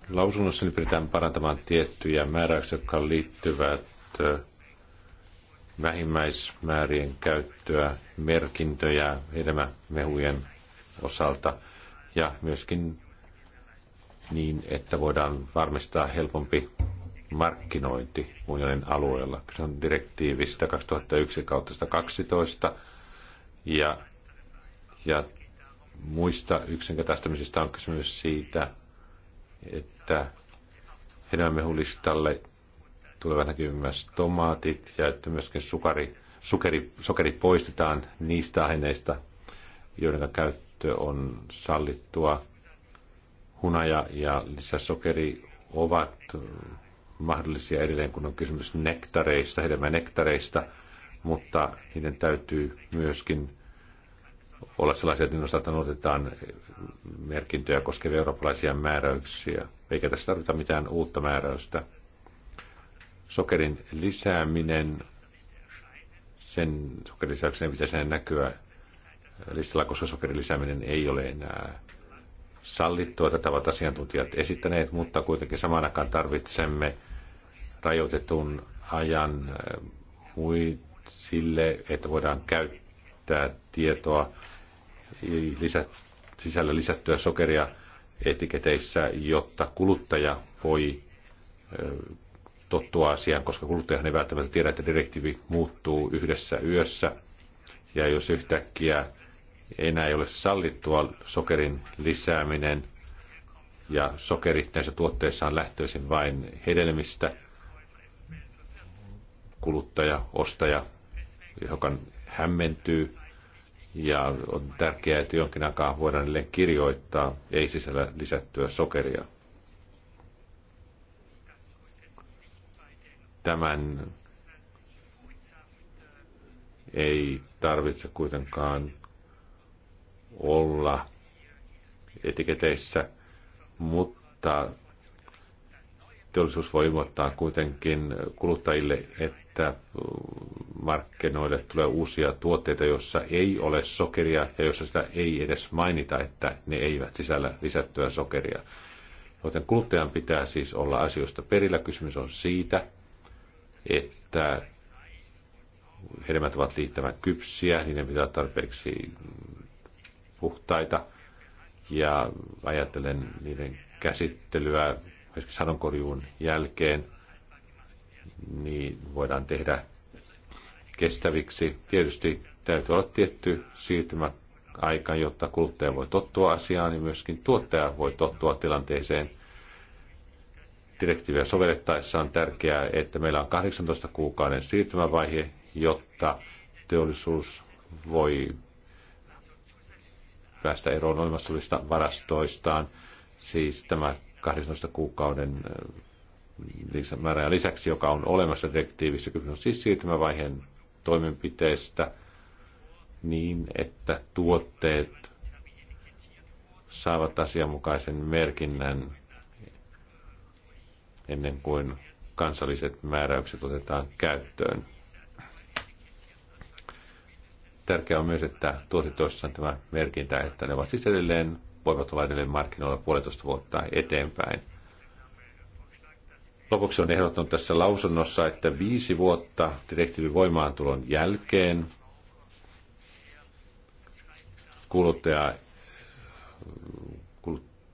Lausunnossa pyritään parantamaan tiettyjä määräyksiä, jotka liittyvät vähimmäismäärien käyttöä, merkintöjä hedelmämehujen osalta ja myöskin niin, että voidaan varmistaa helpompi markkinointi unionin alueella. Se on direktiivistä 2001-112 ja, ja muista yksinkertaistamisista on kysymys siitä, että hedelmämehulistalle tulevat näkyvät myös tomaatit ja että myöskin sukari, sukeri, sokeri poistetaan niistä aineista, joiden käyttö on sallittua. Hunaja ja lisäsokeri ovat mahdollisia edelleen, kun on kysymys nektareista, hedelmänektareista, mutta niiden täytyy myöskin olla sellaisia, että niiden otetaan merkintöjä koskevia eurooppalaisia määräyksiä, eikä tässä tarvita mitään uutta määräystä. Sokerin lisääminen, sen sokerin lisäyksen ei pitäisi näkyä listalla, koska sokerin lisääminen ei ole enää sallittua. Tätä ovat asiantuntijat esittäneet, mutta kuitenkin samaan aikaan tarvitsemme rajoitetun ajan eh, sille, että voidaan käyttää tietoa lisä, sisällä lisättyä sokeria etiketeissä, jotta kuluttaja voi eh, tottua asiaan, koska kuluttajahan ei välttämättä tiedä, että direktiivi muuttuu yhdessä yössä. Ja jos yhtäkkiä enää ei ole sallittua sokerin lisääminen ja sokeri näissä tuotteissa on lähtöisin vain hedelmistä – kuluttaja, ostaja, joka hämmentyy. Ja on tärkeää, että jonkin aikaa voidaan niille kirjoittaa, ei sisällä lisättyä sokeria. Tämän ei tarvitse kuitenkaan olla etiketeissä, mutta teollisuus voi ilmoittaa kuitenkin kuluttajille, että että markkinoille tulee uusia tuotteita, joissa ei ole sokeria ja joissa sitä ei edes mainita, että ne eivät sisällä lisättyä sokeria. Joten kuluttajan pitää siis olla asioista perillä. Kysymys on siitä, että hedelmät ovat liittävän kypsiä, niiden pitää olla tarpeeksi puhtaita. Ja ajattelen niiden käsittelyä esimerkiksi sadonkorjuun jälkeen – niin voidaan tehdä kestäviksi. Tietysti täytyy olla tietty aika, jotta kuluttaja voi tottua asiaan niin myöskin tuottaja voi tottua tilanteeseen. Direktiiviä sovellettaessa on tärkeää, että meillä on 18 kuukauden siirtymävaihe, jotta teollisuus voi päästä eroon olemassa olevista varastoistaan. Siis tämä 18 kuukauden määrää lisäksi, joka on olemassa direktiivissä. Kysymys on siis siirtymävaiheen toimenpiteestä niin, että tuotteet saavat asianmukaisen merkinnän ennen kuin kansalliset määräykset otetaan käyttöön. Tärkeää on myös, että tuotitoissa on tämä merkintä, että ne ovat siis edelleen, voivat olla edelleen markkinoilla puolitoista vuotta eteenpäin. Lopuksi on ehdottanut tässä lausunnossa, että viisi vuotta direktiivin voimaantulon jälkeen kuluttaja,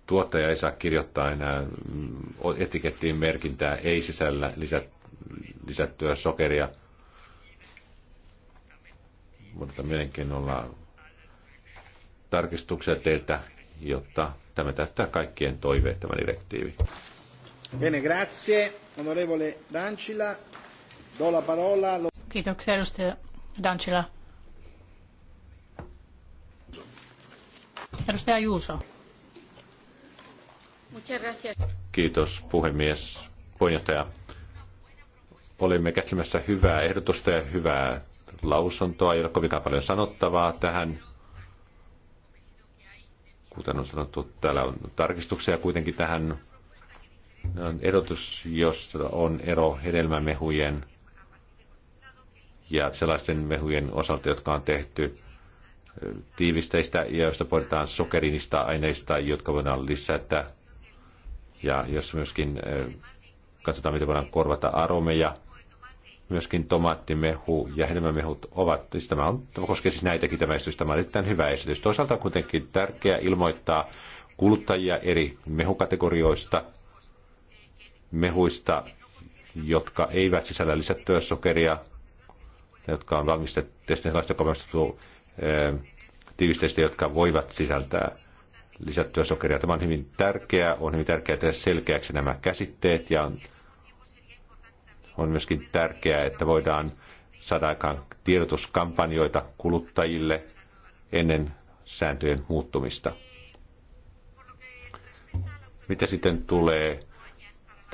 tuottaja ei saa kirjoittaa enää mm, etikettiin merkintää, ei sisällä lisättyä sokeria. Mutta mielenkiinnolla tarkistuksia teiltä, jotta tämä täyttää kaikkien toiveet tämä direktiivi. Bene, grazie. Onorevole Dancila, do la parola. Kiitoksia edustaja Dancila. Edustaja Juuso. Kiitos puhemies, puheenjohtaja. Olimme käsittelemässä hyvää ehdotusta ja hyvää lausuntoa. Ei ole kovinkaan paljon sanottavaa tähän. Kuten on sanottu, täällä on tarkistuksia kuitenkin tähän on erotus, jos on ero hedelmämehujen ja sellaisten mehujen osalta, jotka on tehty tiivisteistä ja joista poidetaan sokerinista aineista, jotka voidaan lisätä. Ja jos myöskin katsotaan, miten voidaan korvata aromeja, myöskin tomaattimehu ja hedelmämehut ovat, siis tämä, on, tämä koskee siis näitäkin tämä esitys, tämä on erittäin hyvä esitys. Toisaalta on kuitenkin tärkeää ilmoittaa kuluttajia eri mehukategorioista – mehuista, jotka eivät sisällä lisättyä sokeria, jotka on valmistettu, sellaista, joka eh, tiivisteistä, jotka voivat sisältää lisättyä sokeria. Tämä on hyvin tärkeää, on hyvin tärkeää tehdä selkeäksi nämä käsitteet ja on, on myöskin tärkeää, että voidaan saada aikaan tiedotuskampanjoita kuluttajille ennen sääntöjen muuttumista. Mitä sitten tulee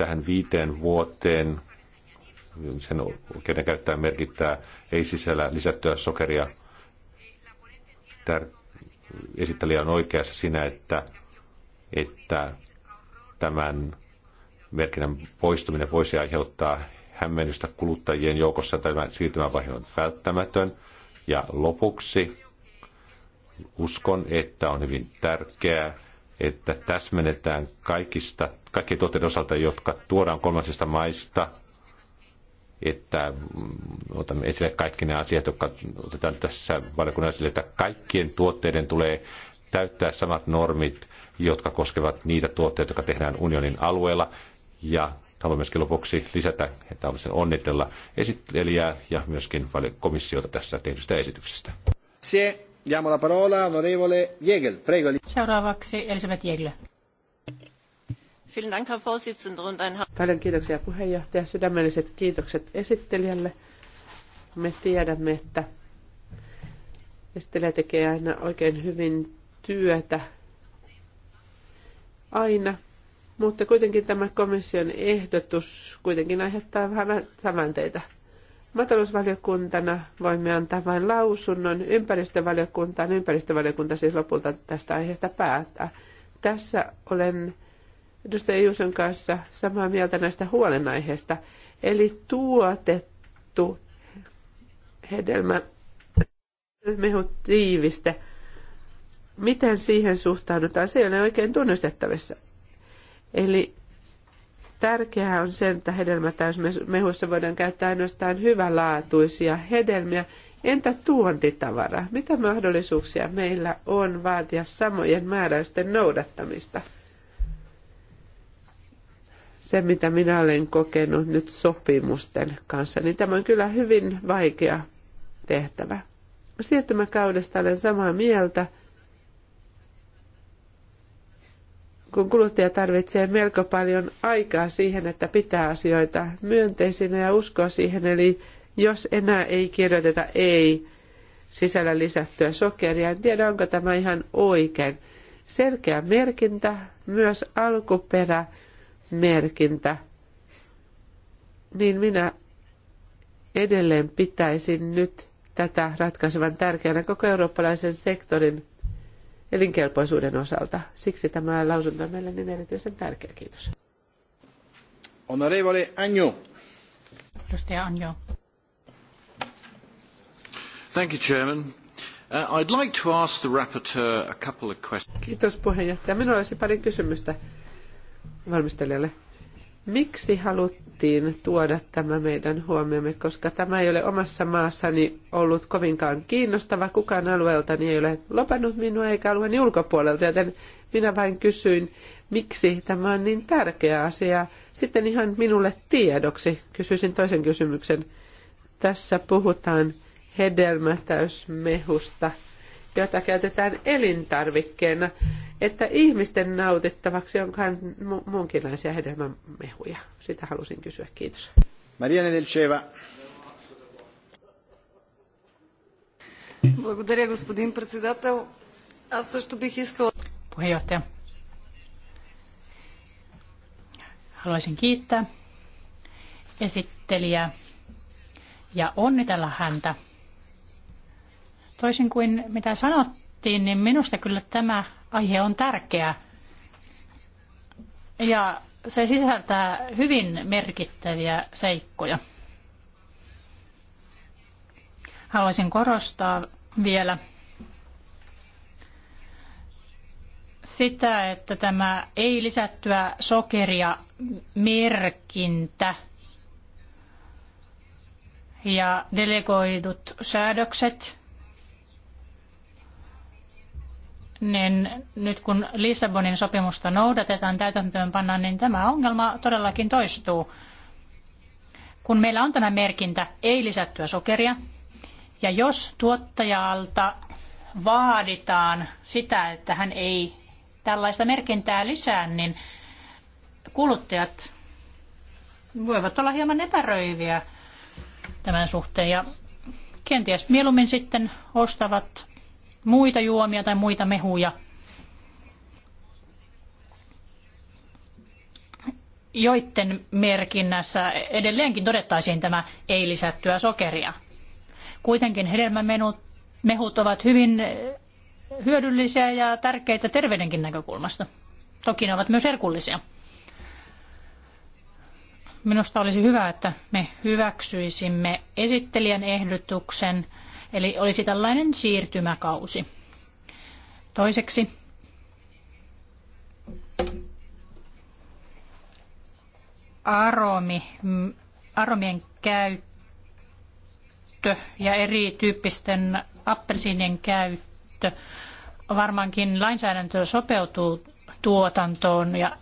tähän viiteen vuoteen, sen oikeuden käyttää merkittää, ei sisällä lisättyä sokeria. tämä esittelijä on oikeassa siinä, että, että tämän merkinnän poistuminen voisi aiheuttaa hämmennystä kuluttajien joukossa. Tämä siirtymävaihe on välttämätön. Ja lopuksi uskon, että on hyvin tärkeää, että täsmennetään kaikista, kaikkien tuotteiden osalta, jotka tuodaan kolmansista maista, että mm, otamme esille kaikki ne asiat, jotka otetaan tässä valiokunnan esille, että kaikkien tuotteiden tulee täyttää samat normit, jotka koskevat niitä tuotteita, jotka tehdään unionin alueella. Ja haluan myöskin lopuksi lisätä, että haluaisin onnitella esittelijää ja myöskin komissiota tässä tehdystä esityksestä. Se Diamo la parola onorevole Jägel. Prego. Seuraavaksi Elisabeth Jägel. Paljon kiitoksia puheenjohtaja. Sydämelliset kiitokset esittelijälle. Me tiedämme, että esittelijä tekee aina oikein hyvin työtä. Aina. Mutta kuitenkin tämä komission ehdotus kuitenkin aiheuttaa vähän sävänteitä. Maatalousvaliokuntana voimme antaa vain lausunnon ympäristövaliokuntaan. Ympäristövaliokunta siis lopulta tästä aiheesta päättää. Tässä olen edustaja Juuson kanssa samaa mieltä näistä huolenaiheista. Eli tuotettu hedelmä mehutiiviste. Miten siihen suhtaudutaan? Se ei ole oikein tunnustettavissa. Eli Tärkeää on se, että hedelmätäysmehussa voidaan käyttää ainoastaan hyvälaatuisia hedelmiä. Entä tuontitavara? Mitä mahdollisuuksia meillä on vaatia samojen määräysten noudattamista? Se, mitä minä olen kokenut nyt sopimusten kanssa, niin tämä on kyllä hyvin vaikea tehtävä. Siirtymäkaudesta olen samaa mieltä – kun kuluttaja tarvitsee melko paljon aikaa siihen, että pitää asioita myönteisinä ja uskoa siihen. Eli jos enää ei kirjoiteta ei sisällä lisättyä sokeria, en tiedä onko tämä ihan oikein. Selkeä merkintä, myös alkuperämerkintä, niin minä edelleen pitäisin nyt tätä ratkaisevan tärkeänä koko eurooppalaisen sektorin elinkelpoisuuden osalta. Siksi tämä lausunto on meille niin erityisen tärkeä. Kiitos. Honorevole Agnew. Edustaja Agnew. Thank you, Chairman. Uh, I'd like to ask the rapporteur a couple of questions. Kiitos puheenjohtaja. Minulla olisi pari kysymystä valmistelijalle. Miksi haluttiin tuoda tämä meidän huomiomme, koska tämä ei ole omassa maassani ollut kovinkaan kiinnostava. Kukaan alueeltani ei ole lopannut minua eikä alueeni ulkopuolelta, joten minä vain kysyin, miksi tämä on niin tärkeä asia. Sitten ihan minulle tiedoksi kysyisin toisen kysymyksen. Tässä puhutaan hedelmätäysmehusta, jota käytetään elintarvikkeena että ihmisten nautittavaksi on kai muunkinlaisia hedelmämehuja. Sitä halusin kysyä. Kiitos. Maria Nedelcheva. Благодаря, господин председател. Аз също бих искала... Puheenjohtaja. Haluaisin kiittää esittelijää ja onnitella häntä. Toisin kuin mitä sanottiin, niin minusta kyllä tämä Aihe on tärkeä ja se sisältää hyvin merkittäviä seikkoja. Haluaisin korostaa vielä sitä, että tämä ei lisättyä sokeria merkintä ja delegoidut säädökset niin nyt kun Lissabonin sopimusta noudatetaan täytäntöönpannaan, niin tämä ongelma todellakin toistuu. Kun meillä on tämä merkintä ei lisättyä sokeria, ja jos tuottajalta vaaditaan sitä, että hän ei tällaista merkintää lisää, niin kuluttajat voivat olla hieman epäröiviä tämän suhteen ja kenties mieluummin sitten ostavat muita juomia tai muita mehuja. joiden merkinnässä edelleenkin todettaisiin tämä ei lisättyä sokeria. Kuitenkin hedelmämehut ovat hyvin hyödyllisiä ja tärkeitä terveydenkin näkökulmasta. Toki ne ovat myös herkullisia. Minusta olisi hyvä, että me hyväksyisimme esittelijän ehdotuksen – Eli olisi tällainen siirtymäkausi. Toiseksi aromi, aromien käyttö ja erityyppisten appelsiinien käyttö. Varmaankin lainsäädäntö sopeutuu tuotantoon ja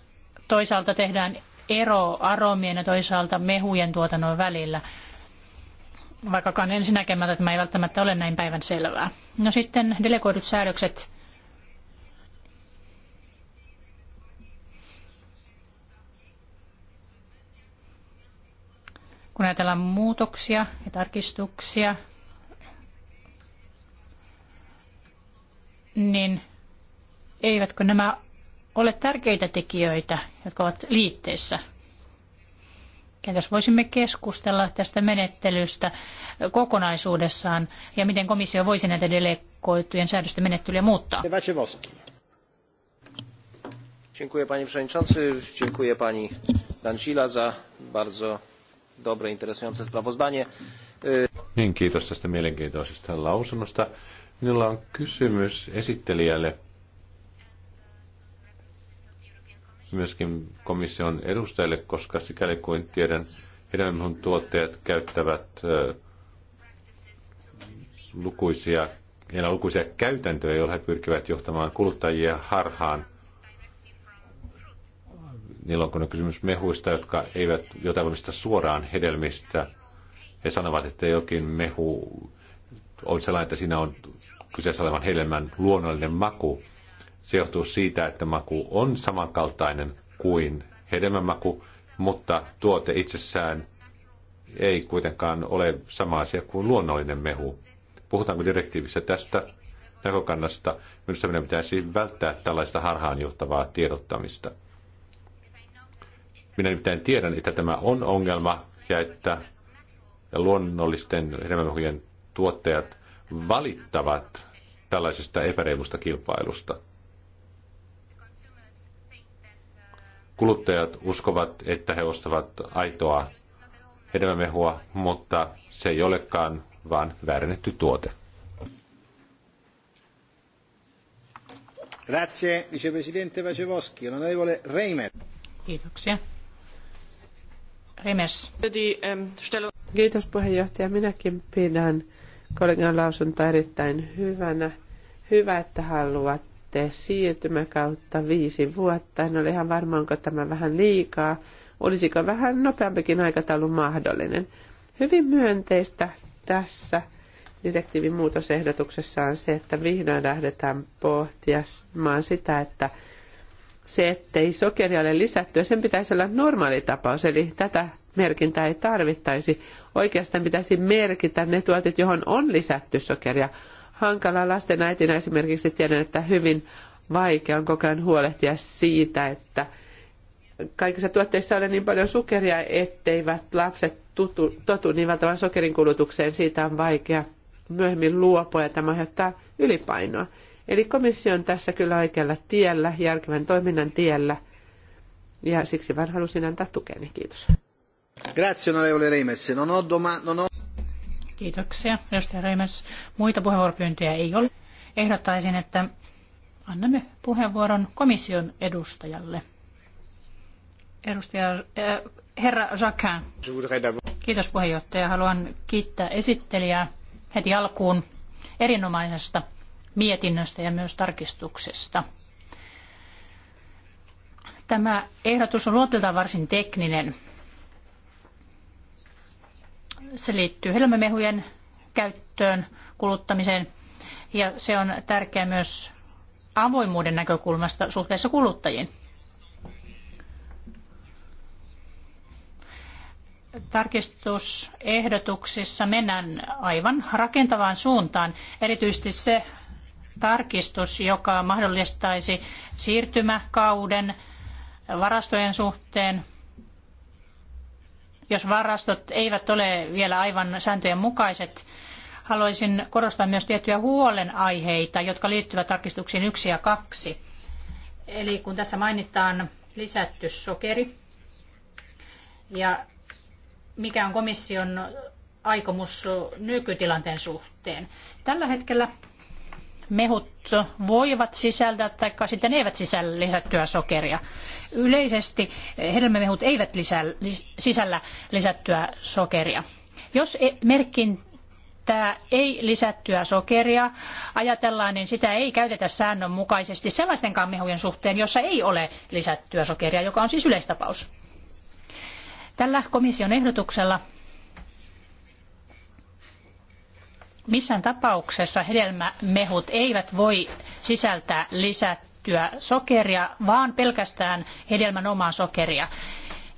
toisaalta tehdään ero aromien ja toisaalta mehujen tuotannon välillä vaikkakaan ensinäkemältä tämä ei välttämättä ole näin päivän selvää. No sitten delegoidut säädökset. Kun ajatellaan muutoksia ja tarkistuksia, niin eivätkö nämä ole tärkeitä tekijöitä, jotka ovat liitteessä? Kenties voisimme keskustella tästä menettelystä kokonaisuudessaan ja miten komissio voisi näitä delegoitujen säädösten menettelyjä muuttaa. Dziękuję panie przewodniczący, dziękuję pani Dancila za bardzo dobre, interesujące sprawozdanie. Niin, kiitos tästä mielenkiintoisesta lausunnosta. Minulla on kysymys esittelijälle. myöskin komission edustajille, koska sikäli kuin tiedän, hedelmän tuottajat käyttävät lukuisia, heillä on lukuisia käytäntöjä, joilla he pyrkivät johtamaan kuluttajia harhaan. Niillä on, kun on kysymys mehuista, jotka eivät jotain valmista suoraan hedelmistä. He sanovat, että jokin mehu on sellainen, että siinä on kyseessä olevan hedelmän luonnollinen maku. Se johtuu siitä, että maku on samankaltainen kuin hedelmämaku, mutta tuote itsessään ei kuitenkaan ole sama asia kuin luonnollinen mehu. Puhutaanko direktiivissä tästä näkökannasta? Minusta meidän pitäisi välttää tällaista harhaanjohtavaa tiedottamista. Minä nimittäin tiedän, että tämä on ongelma ja että luonnollisten hedelmämehujen tuottajat valittavat tällaisesta epäreilusta kilpailusta. kuluttajat uskovat, että he ostavat aitoa hedelmämehua, mutta se ei olekaan vaan väärennetty tuote. Grazie, vicepresidente Vacevoski. Onorevole Reimer. Kiitoksia. Remes. Ehm, Kiitos puheenjohtaja. Minäkin pidän kollegan Lausunta erittäin hyvänä. Hyvä, että haluat ehdotitte siirtymäkautta viisi vuotta. En ole ihan varma, onko tämä vähän liikaa. Olisiko vähän nopeampikin aikataulu mahdollinen? Hyvin myönteistä tässä direktiivin muutosehdotuksessa on se, että vihdoin lähdetään pohtimaan sitä, että se, ettei sokeria ole lisättyä, sen pitäisi olla normaali tapaus, eli tätä merkintää ei tarvittaisi. Oikeastaan pitäisi merkitä ne tuotet, johon on lisätty sokeria, hankalaa lasten äitinä esimerkiksi tiedän, että hyvin vaikea on koko ajan huolehtia siitä, että kaikissa tuotteissa on niin paljon sokeria, etteivät lapset tutu, totu niin valtavan sokerin kulutukseen. Siitä on vaikea myöhemmin luopua ja tämä aiheuttaa ylipainoa. Eli komissio on tässä kyllä oikealla tiellä, järkevän toiminnan tiellä. Ja siksi vain halusin antaa tukeni. Kiitos. Grazie onorevole Reimers. Non ho doma- non ho... Kiitoksia. Edustaja Reimäs, muita puheenvuoropyyntöjä ei ole. Ehdottaisin, että annamme puheenvuoron komission edustajalle. Edustaja, äh, herra Jacquin. Kiitos puheenjohtaja. Haluan kiittää esittelijää heti alkuun erinomaisesta mietinnöstä ja myös tarkistuksesta. Tämä ehdotus on luonteeltaan varsin tekninen. Se liittyy helmemehujen käyttöön, kuluttamiseen ja se on tärkeää myös avoimuuden näkökulmasta suhteessa kuluttajiin. Tarkistusehdotuksissa mennään aivan rakentavaan suuntaan. Erityisesti se tarkistus, joka mahdollistaisi siirtymäkauden varastojen suhteen – jos varastot eivät ole vielä aivan sääntöjen mukaiset. Haluaisin korostaa myös tiettyjä huolenaiheita, jotka liittyvät tarkistuksiin yksi ja kaksi. Eli kun tässä mainitaan lisätty sokeri ja mikä on komission aikomus nykytilanteen suhteen. Tällä hetkellä mehut voivat sisältää tai sitten eivät sisällä lisättyä sokeria. Yleisesti hedelmämehut eivät lisää, sisällä lisättyä sokeria. Jos e, merkintää ei lisättyä sokeria ajatellaan, niin sitä ei käytetä säännönmukaisesti sellaistenkaan mehujen suhteen, jossa ei ole lisättyä sokeria, joka on siis yleistapaus. Tällä komission ehdotuksella missään tapauksessa hedelmämehut eivät voi sisältää lisättyä sokeria, vaan pelkästään hedelmän omaa sokeria.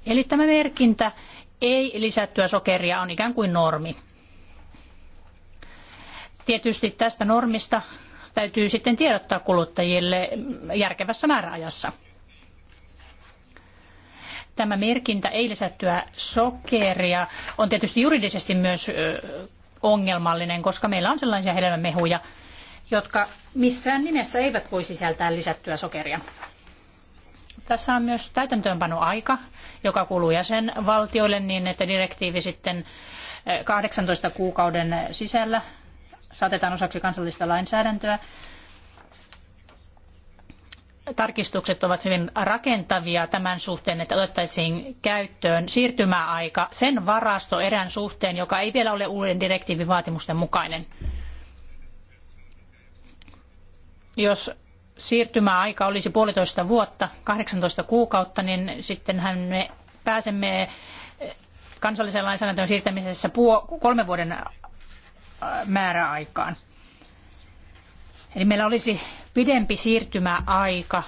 Eli tämä merkintä ei lisättyä sokeria on ikään kuin normi. Tietysti tästä normista täytyy sitten tiedottaa kuluttajille järkevässä määräajassa. Tämä merkintä ei lisättyä sokeria on tietysti juridisesti myös ongelmallinen, koska meillä on sellaisia hedelmämehuja, jotka missään nimessä eivät voi sisältää lisättyä sokeria. Tässä on myös täytäntöönpanoaika, joka kuuluu jäsenvaltioille niin, että direktiivi sitten 18 eh, kuukauden sisällä saatetaan osaksi kansallista lainsäädäntöä tarkistukset ovat hyvin rakentavia tämän suhteen, että otettaisiin käyttöön siirtymäaika sen varasto erän suhteen, joka ei vielä ole uuden direktiivin vaatimusten mukainen. Jos siirtymäaika olisi puolitoista vuotta, 18 kuukautta, niin sittenhän me pääsemme eh, kansallisen lainsäädäntöön siirtämisessä kolmen vuoden eh, määräaikaan. Eli meillä olisi pidempi siirtymäaika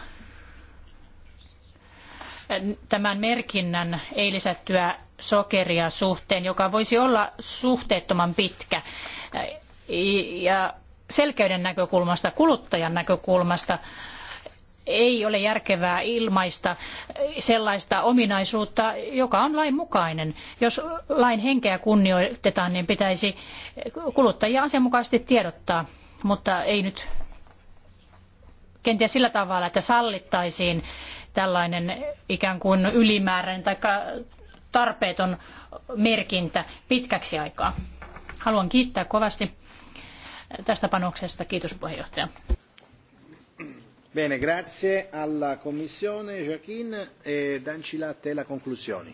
tämän merkinnän ei lisättyä sokeria suhteen, joka voisi olla suhteettoman pitkä. Ja selkeyden näkökulmasta, kuluttajan näkökulmasta ei ole järkevää ilmaista sellaista ominaisuutta, joka on lain mukainen. Jos lain henkeä kunnioitetaan, niin pitäisi kuluttajia asianmukaisesti tiedottaa, mutta ei nyt kenties sillä tavalla, että sallittaisiin tällainen ikään kuin ylimääräinen tai tarpeeton merkintä pitkäksi aikaa. Haluan kiittää kovasti tästä panoksesta. Kiitos puheenjohtaja. Bene, grazie alla Commissione, Joaquin, e Dancila te la conclusioni.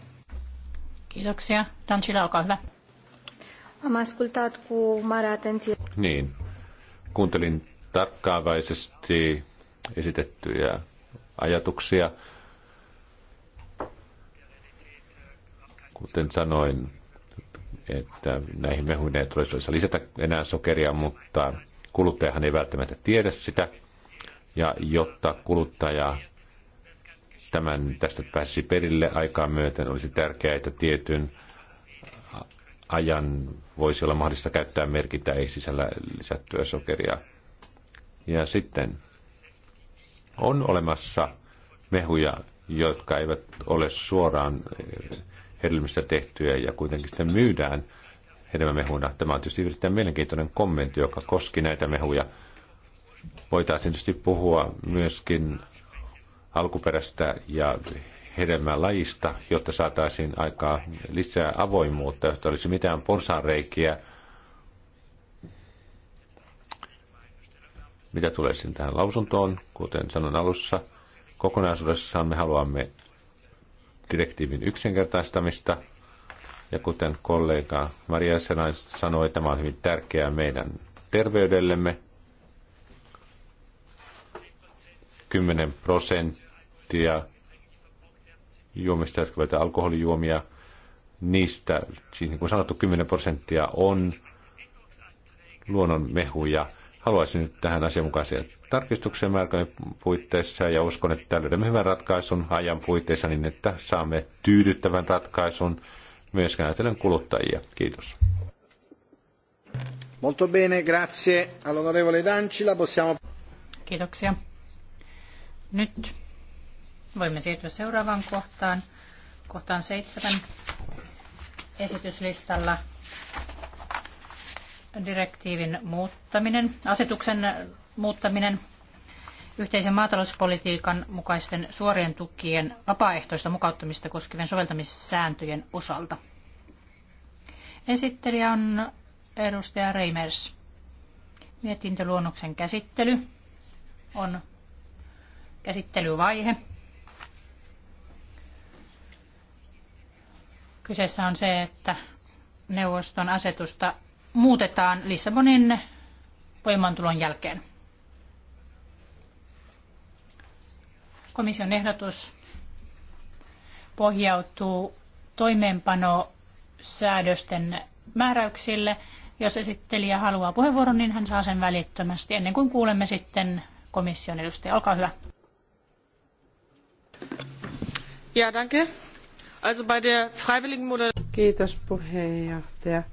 Kiitoksia. Dancila, olkaa hyvä. Am ascultat cu mare atenție. Niin, kuuntelin tarkkaavaisesti esitettyjä ajatuksia. Kuten sanoin, että näihin mehuihin ei tulisi lisätä enää sokeria, mutta kuluttajahan ei välttämättä tiedä sitä. Ja jotta kuluttaja tämän tästä pääsisi perille aikaan myöten, olisi tärkeää, että tietyn ajan voisi olla mahdollista käyttää merkintä ei sisällä lisättyä sokeria. Ja sitten on olemassa mehuja, jotka eivät ole suoraan hedelmistä tehtyjä ja kuitenkin sitten myydään hedelmämehuna. Tämä on tietysti erittäin mielenkiintoinen kommentti, joka koski näitä mehuja. Voitaisiin tietysti puhua myöskin alkuperästä ja hedelmälajista, jotta saataisiin aikaa lisää avoimuutta, jotta olisi mitään porsaanreikiä Mitä tulee sitten tähän lausuntoon, kuten sanon alussa, kokonaisuudessaan me haluamme direktiivin yksinkertaistamista. Ja kuten kollega Maria Senain sanoi, tämä on hyvin tärkeää meidän terveydellemme. 10 prosenttia juomista, jotka ovat alkoholijuomia, niistä, siis niin kuin sanottu, 10 prosenttia on luonnonmehuja. Haluaisin nyt tähän asianmukaiseen tarkistuksen määrkön puitteissa ja uskon, että löydämme hyvän ratkaisun ajan puitteissa niin, että saamme tyydyttävän ratkaisun myöskään ajatellen kuluttajia. Kiitos. Molto bene, grazie all'onorevole Dancila. Possiamo... Kiitoksia. Nyt voimme siirtyä seuraavaan kohtaan, kohtaan seitsemän esityslistalla direktiivin muuttaminen, asetuksen muuttaminen yhteisen maatalouspolitiikan mukaisten suorien tukien vapaaehtoista mukauttamista koskevien soveltamissääntöjen osalta. Esittelijä on edustaja Reimers. Mietintöluonnoksen käsittely on käsittelyvaihe. Kyseessä on se, että neuvoston asetusta muutetaan Lissabonin voimaantulon jälkeen. Komission ehdotus pohjautuu toimeenpanosäädösten määräyksille. Jos esittelijä haluaa puheenvuoron, niin hän saa sen välittömästi ennen kuin kuulemme sitten komission edustaja. Olkaa hyvä. Ja, danke. Also bei der freiwilligen Kiitos puheenjohtaja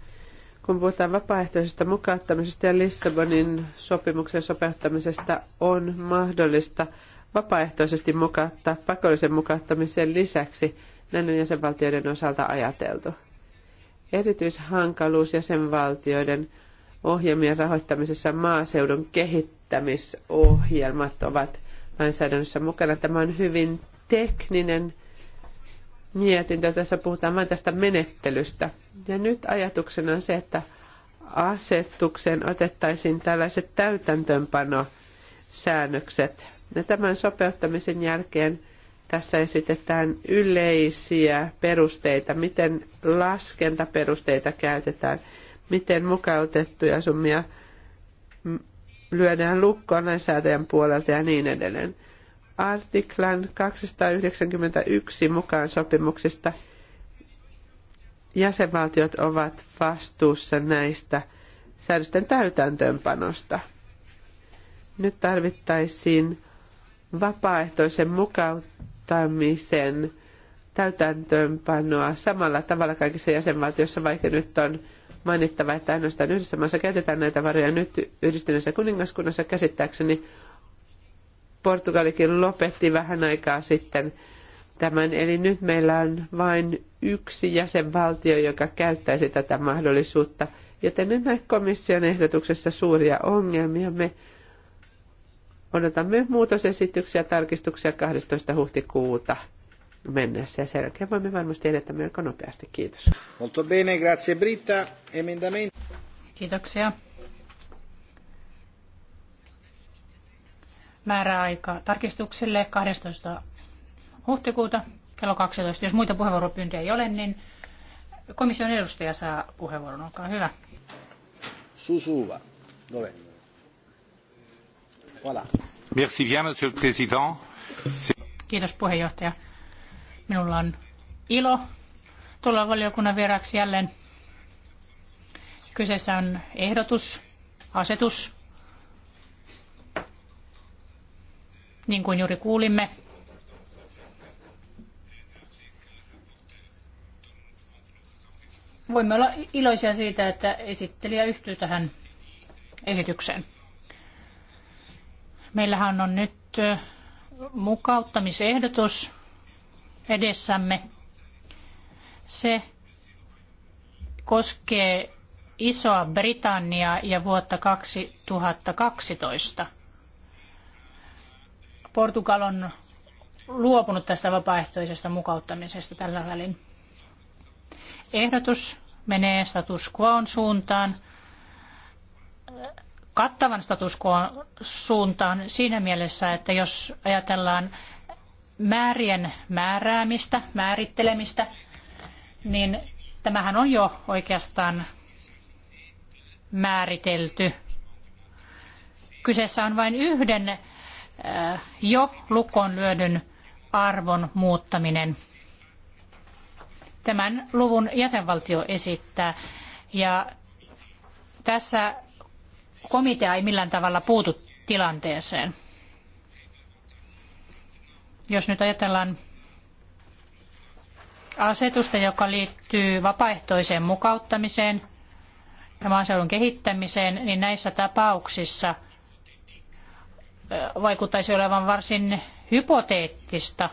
kun puhutaan vapaaehtoisesta mukauttamisesta ja Lissabonin sopimuksen sopeuttamisesta, on mahdollista vapaaehtoisesti mukauttaa pakollisen mukauttamisen lisäksi näin on jäsenvaltioiden osalta ajateltu. Erityishankaluus jäsenvaltioiden ohjelmien rahoittamisessa maaseudun kehittämisohjelmat ovat lainsäädännössä mukana. Tämä on hyvin tekninen mietintö. Tässä puhutaan vain tästä menettelystä. Ja nyt ajatuksena on se, että asetuksen otettaisiin tällaiset täytäntöönpanosäännökset. Ja tämän sopeuttamisen jälkeen tässä esitetään yleisiä perusteita, miten laskentaperusteita käytetään, miten mukautettuja summia lyödään lukkoon lainsäätäjän puolelta ja niin edelleen artiklan 291 mukaan sopimuksista jäsenvaltiot ovat vastuussa näistä säädösten täytäntöönpanosta. Nyt tarvittaisiin vapaaehtoisen mukauttamisen täytäntöönpanoa samalla tavalla kaikissa jäsenvaltioissa, vaikka nyt on mainittava, että ainoastaan yhdessä maassa käytetään näitä varoja nyt yhdistyneessä kuningaskunnassa käsittääkseni Portugalikin lopetti vähän aikaa sitten tämän. Eli nyt meillä on vain yksi jäsenvaltio, joka käyttäisi tätä mahdollisuutta. Joten en näe komission ehdotuksessa suuria ongelmia. Me odotamme muutosesityksiä ja tarkistuksia 12. huhtikuuta mennessä. Ja sen jälkeen voimme varmasti edetä melko nopeasti. Kiitos. Molto bene, grazie Britta. Emendamento. Kiitoksia. määräaika tarkistuksille 12. huhtikuuta kello 12. Jos muita puheenvuoropyyntöjä ei ole, niin komission edustaja saa puheenvuoron. Olkaa hyvä. Susuva. Ole. Voilà. Merci bien, monsieur le président. Kiitos puheenjohtaja. Minulla on ilo tulla valiokunnan vieraksi jälleen. Kyseessä on ehdotus, asetus, Niin kuin juuri kuulimme, voimme olla iloisia siitä, että esittelijä yhtyy tähän esitykseen. Meillähän on nyt mukauttamisehdotus edessämme. Se koskee Isoa Britanniaa ja vuotta 2012. Portugal on luopunut tästä vapaaehtoisesta mukauttamisesta tällä välin. Ehdotus menee status quoon suuntaan, kattavan status quoon suuntaan siinä mielessä, että jos ajatellaan määrien määräämistä, määrittelemistä, niin tämähän on jo oikeastaan määritelty. Kyseessä on vain yhden jo lukon lyödyn arvon muuttaminen. Tämän luvun jäsenvaltio esittää ja tässä komitea ei millään tavalla puutu tilanteeseen. Jos nyt ajatellaan asetusta, joka liittyy vapaaehtoiseen mukauttamiseen ja maaseudun kehittämiseen, niin näissä tapauksissa – vaikuttaisi olevan varsin hypoteettista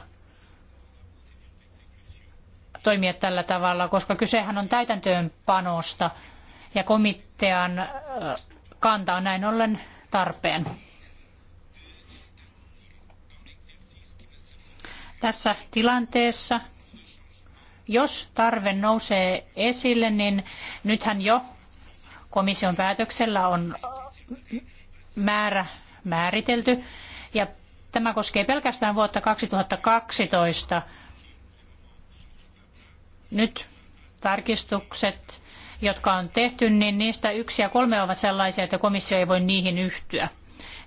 toimia tällä tavalla, koska kysehän on täytäntöönpanosta ja komitean kanta on näin ollen tarpeen. Tässä tilanteessa, jos tarve nousee esille, niin nythän jo komission päätöksellä on määrä määritelty. Ja tämä koskee pelkästään vuotta 2012. Nyt tarkistukset, jotka on tehty, niin niistä yksi ja kolme ovat sellaisia, että komissio ei voi niihin yhtyä.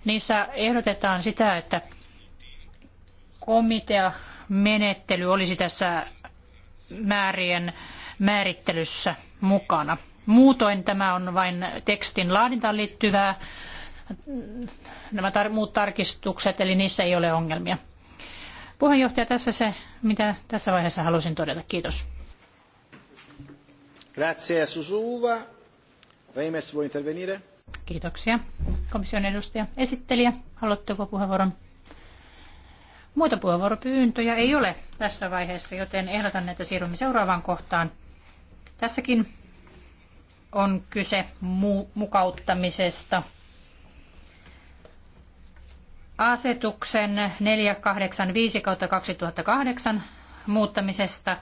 Niissä ehdotetaan sitä, että komitea menettely olisi tässä määrien määrittelyssä mukana. Muutoin tämä on vain tekstin laadintaan liittyvää nämä tar- muut tarkistukset, eli niissä ei ole ongelmia. Puheenjohtaja, tässä se, mitä tässä vaiheessa halusin todeta. Kiitos. Grazie Susuva. Reimes voi intervenire. Kiitoksia. Komission edustaja, esittelijä, haluatteko puheenvuoron? Muita puheenvuoropyyntöjä ei ole tässä vaiheessa, joten ehdotan, että siirrymme seuraavaan kohtaan. Tässäkin on kyse mu- mukauttamisesta asetuksen 485-2008 muuttamisesta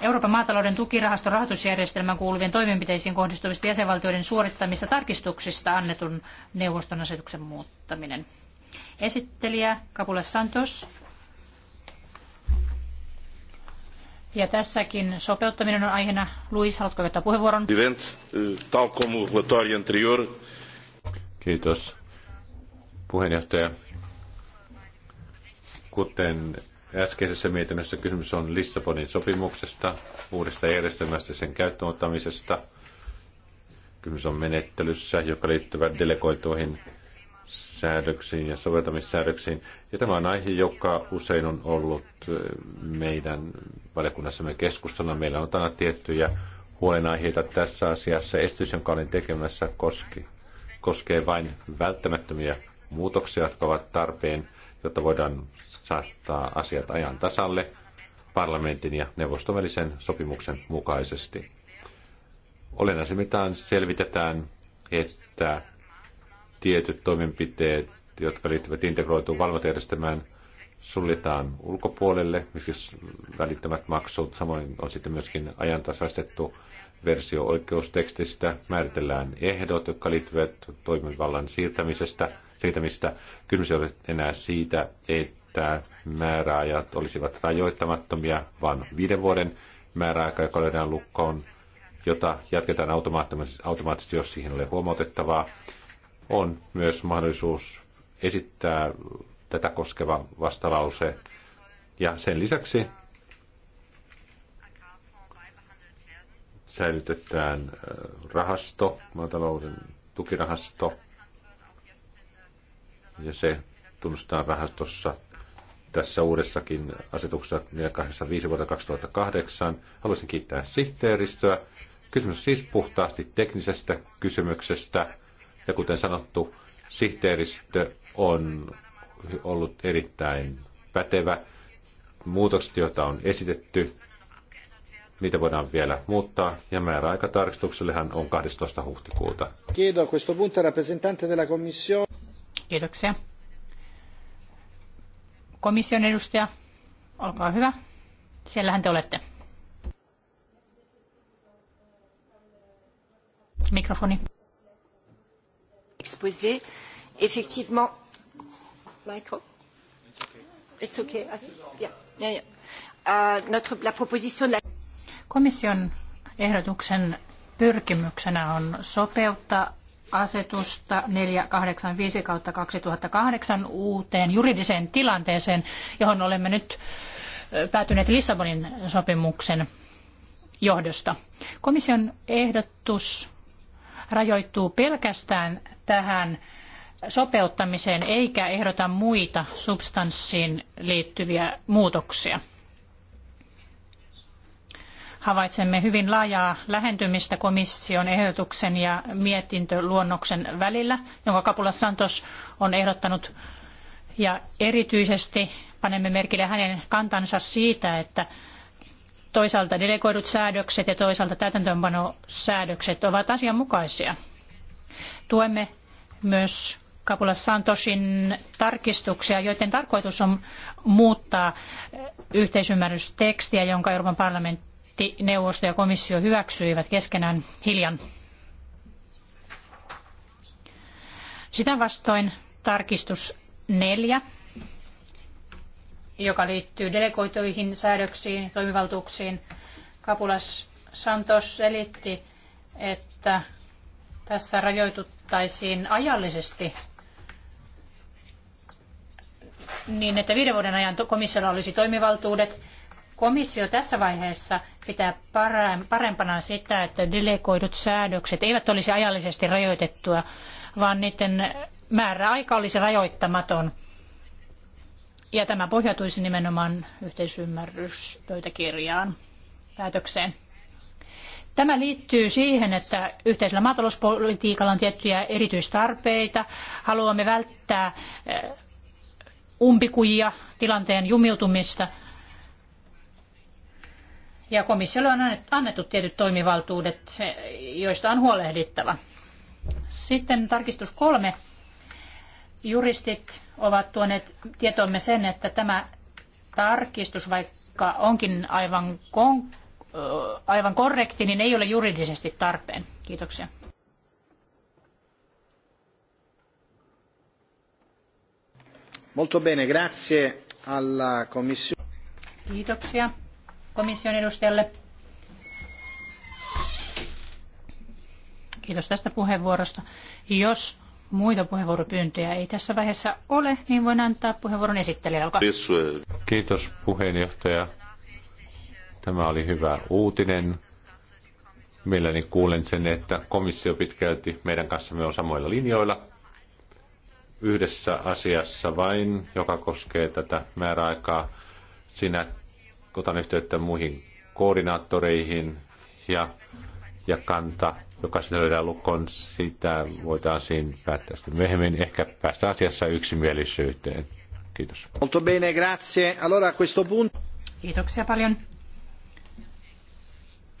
Euroopan maatalouden tukirahaston rahoitusjärjestelmään kuuluvien toimenpiteisiin kohdistuvista jäsenvaltioiden suorittamista tarkistuksista annetun neuvoston asetuksen muuttaminen. Esittelijä Kapula Santos. Ja tässäkin sopeuttaminen on aiheena. Luis, haluatko vetää puheenvuoron? Eh, Kiitos puheenjohtaja. Kuten äskeisessä mietinnössä kysymys on Lissabonin sopimuksesta, uudesta järjestelmästä sen käyttöönottamisesta. Kysymys on menettelyssä, joka liittyvät delegoituihin säädöksiin ja soveltamissäädöksiin. Ja tämä on aihe, joka usein on ollut eh, meidän valiokunnassamme keskustelua. Meillä on tänä tiettyjä huolenaiheita tässä asiassa. Estys jonka olin tekemässä, koski, koskee vain välttämättömiä muutoksia, jotka ovat tarpeen, jotta voidaan saattaa asiat ajan tasalle parlamentin ja neuvoston välisen sopimuksen mukaisesti. Olennaisimmitaan selvitetään, että tietyt toimenpiteet, jotka liittyvät integroituun valvontajärjestelmään, suljetaan ulkopuolelle, missä välittömät maksut. Samoin on sitten myöskin ajantasaistettu versio oikeustekstistä. Määritellään ehdot, jotka liittyvät toimivallan siirtämisestä – siitä, mistä kysymys ei ole enää siitä, että määräajat olisivat rajoittamattomia, vaan viiden vuoden määräaika, joka löydään lukkoon, jota jatketaan automaattisesti, jos siihen ole huomautettavaa, on myös mahdollisuus esittää tätä koskeva vastalause. Ja sen lisäksi säilytetään äh, rahasto, maatalouden tukirahasto, ja se tunnustetaan tuossa tässä uudessakin asetuksessa 485 vuotta 2008. Haluaisin kiittää sihteeristöä. Kysymys siis puhtaasti teknisestä kysymyksestä. Ja kuten sanottu, sihteeristö on ollut erittäin pätevä. Muutokset, joita on esitetty, niitä voidaan vielä muuttaa ja määräaika tarkistuksellehan on 12. huhtikuuta. Kiitos. questo punto rappresentante della commissione. Kiitoksia. Komission edustaja, olkaa hyvä. Siellähän te olette. Mikrofoni. Exposé. Effectivement. Micro. It's okay. Yeah. Yeah, yeah. Uh, notre, la proposition de la... Komission ehdotuksen pyrkimyksenä on sopeuttaa asetusta 485 kautta 2008 uuteen juridiseen tilanteeseen, johon olemme nyt päätyneet Lissabonin sopimuksen johdosta. Komission ehdotus rajoittuu pelkästään tähän sopeuttamiseen eikä ehdota muita substanssiin liittyviä muutoksia. Havaitsemme hyvin laajaa lähentymistä komission ehdotuksen ja mietintöluonnoksen välillä, jonka Kapula Santos on ehdottanut. Ja erityisesti panemme merkille hänen kantansa siitä, että toisaalta delegoidut säädökset ja toisaalta täytäntöönpanosäädökset ovat asianmukaisia. Tuemme myös Kapula Santosin tarkistuksia, joiden tarkoitus on muuttaa yhteisymmärrystekstiä, jonka Euroopan parlamentti neuvosto ja komissio hyväksyivät keskenään hiljan. Sitä vastoin tarkistus neljä, joka liittyy delegoituihin säädöksiin, toimivaltuuksiin. Kapulas Santos selitti, että tässä rajoituttaisiin ajallisesti niin, että viiden vuoden ajan komissiolla olisi toimivaltuudet Komissio tässä vaiheessa pitää parempana sitä, että delegoidut säädökset eivät olisi ajallisesti rajoitettua, vaan niiden määräaika olisi rajoittamaton. Ja tämä pohjautuisi nimenomaan yhteisymmärryspöytäkirjaan päätökseen. Tämä liittyy siihen, että yhteisellä maatalouspolitiikalla on tiettyjä erityistarpeita. Haluamme välttää eh, umpikujia, tilanteen jumiutumista – ja komissiolle on annettu tietyt toimivaltuudet, joista on huolehdittava. Sitten tarkistus kolme. Juristit ovat tuoneet tietoomme sen, että tämä tarkistus, vaikka onkin aivan, kon, aivan korrekti, niin ei ole juridisesti tarpeen. Kiitoksia. Molto bene, grazie alla commissione. Kiitoksia komission edustajalle. Kiitos tästä puheenvuorosta. Jos muita puheenvuoropyyntöjä ei tässä vaiheessa ole, niin voin antaa puheenvuoron esittelijälle. Olkaa. Kiitos puheenjohtaja. Tämä oli hyvä uutinen. Mielelläni kuulen sen, että komissio pitkälti meidän kanssamme on samoilla linjoilla. Yhdessä asiassa vain, joka koskee tätä määräaikaa. Siinä otan yhteyttä muihin koordinaattoreihin ja, ja kanta, joka sitä löydään lukkoon, sitä voitaisiin päättää sitten myöhemmin, ehkä päästä asiassa yksimielisyyteen. Kiitos. Molto bene, grazie. Allora a questo punto... Kiitoksia paljon.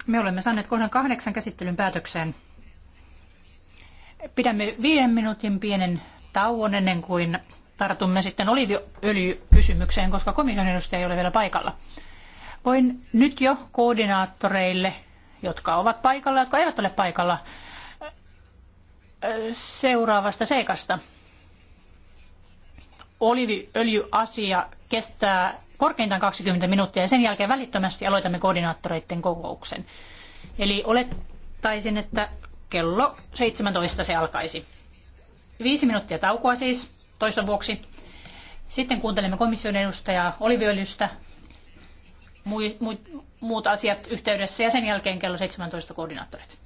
Me olemme saaneet kohdan kahdeksan käsittelyn päätökseen. Pidämme viiden minuutin pienen tauon ennen kuin tartumme sitten oliviöljykysymykseen, koska komission edustaja ei ole vielä paikalla. Voin nyt jo koordinaattoreille, jotka ovat paikalla, jotka eivät ole paikalla, seuraavasta seikasta. Oliviöljyasia kestää korkeintaan 20 minuuttia ja sen jälkeen välittömästi aloitamme koordinaattoreiden kokouksen. Eli olettaisin, että kello 17 se alkaisi. Viisi minuuttia taukoa siis toiston vuoksi. Sitten kuuntelemme komission edustajaa oliviöljystä muut asiat yhteydessä ja sen jälkeen kello 17 koordinaattorit.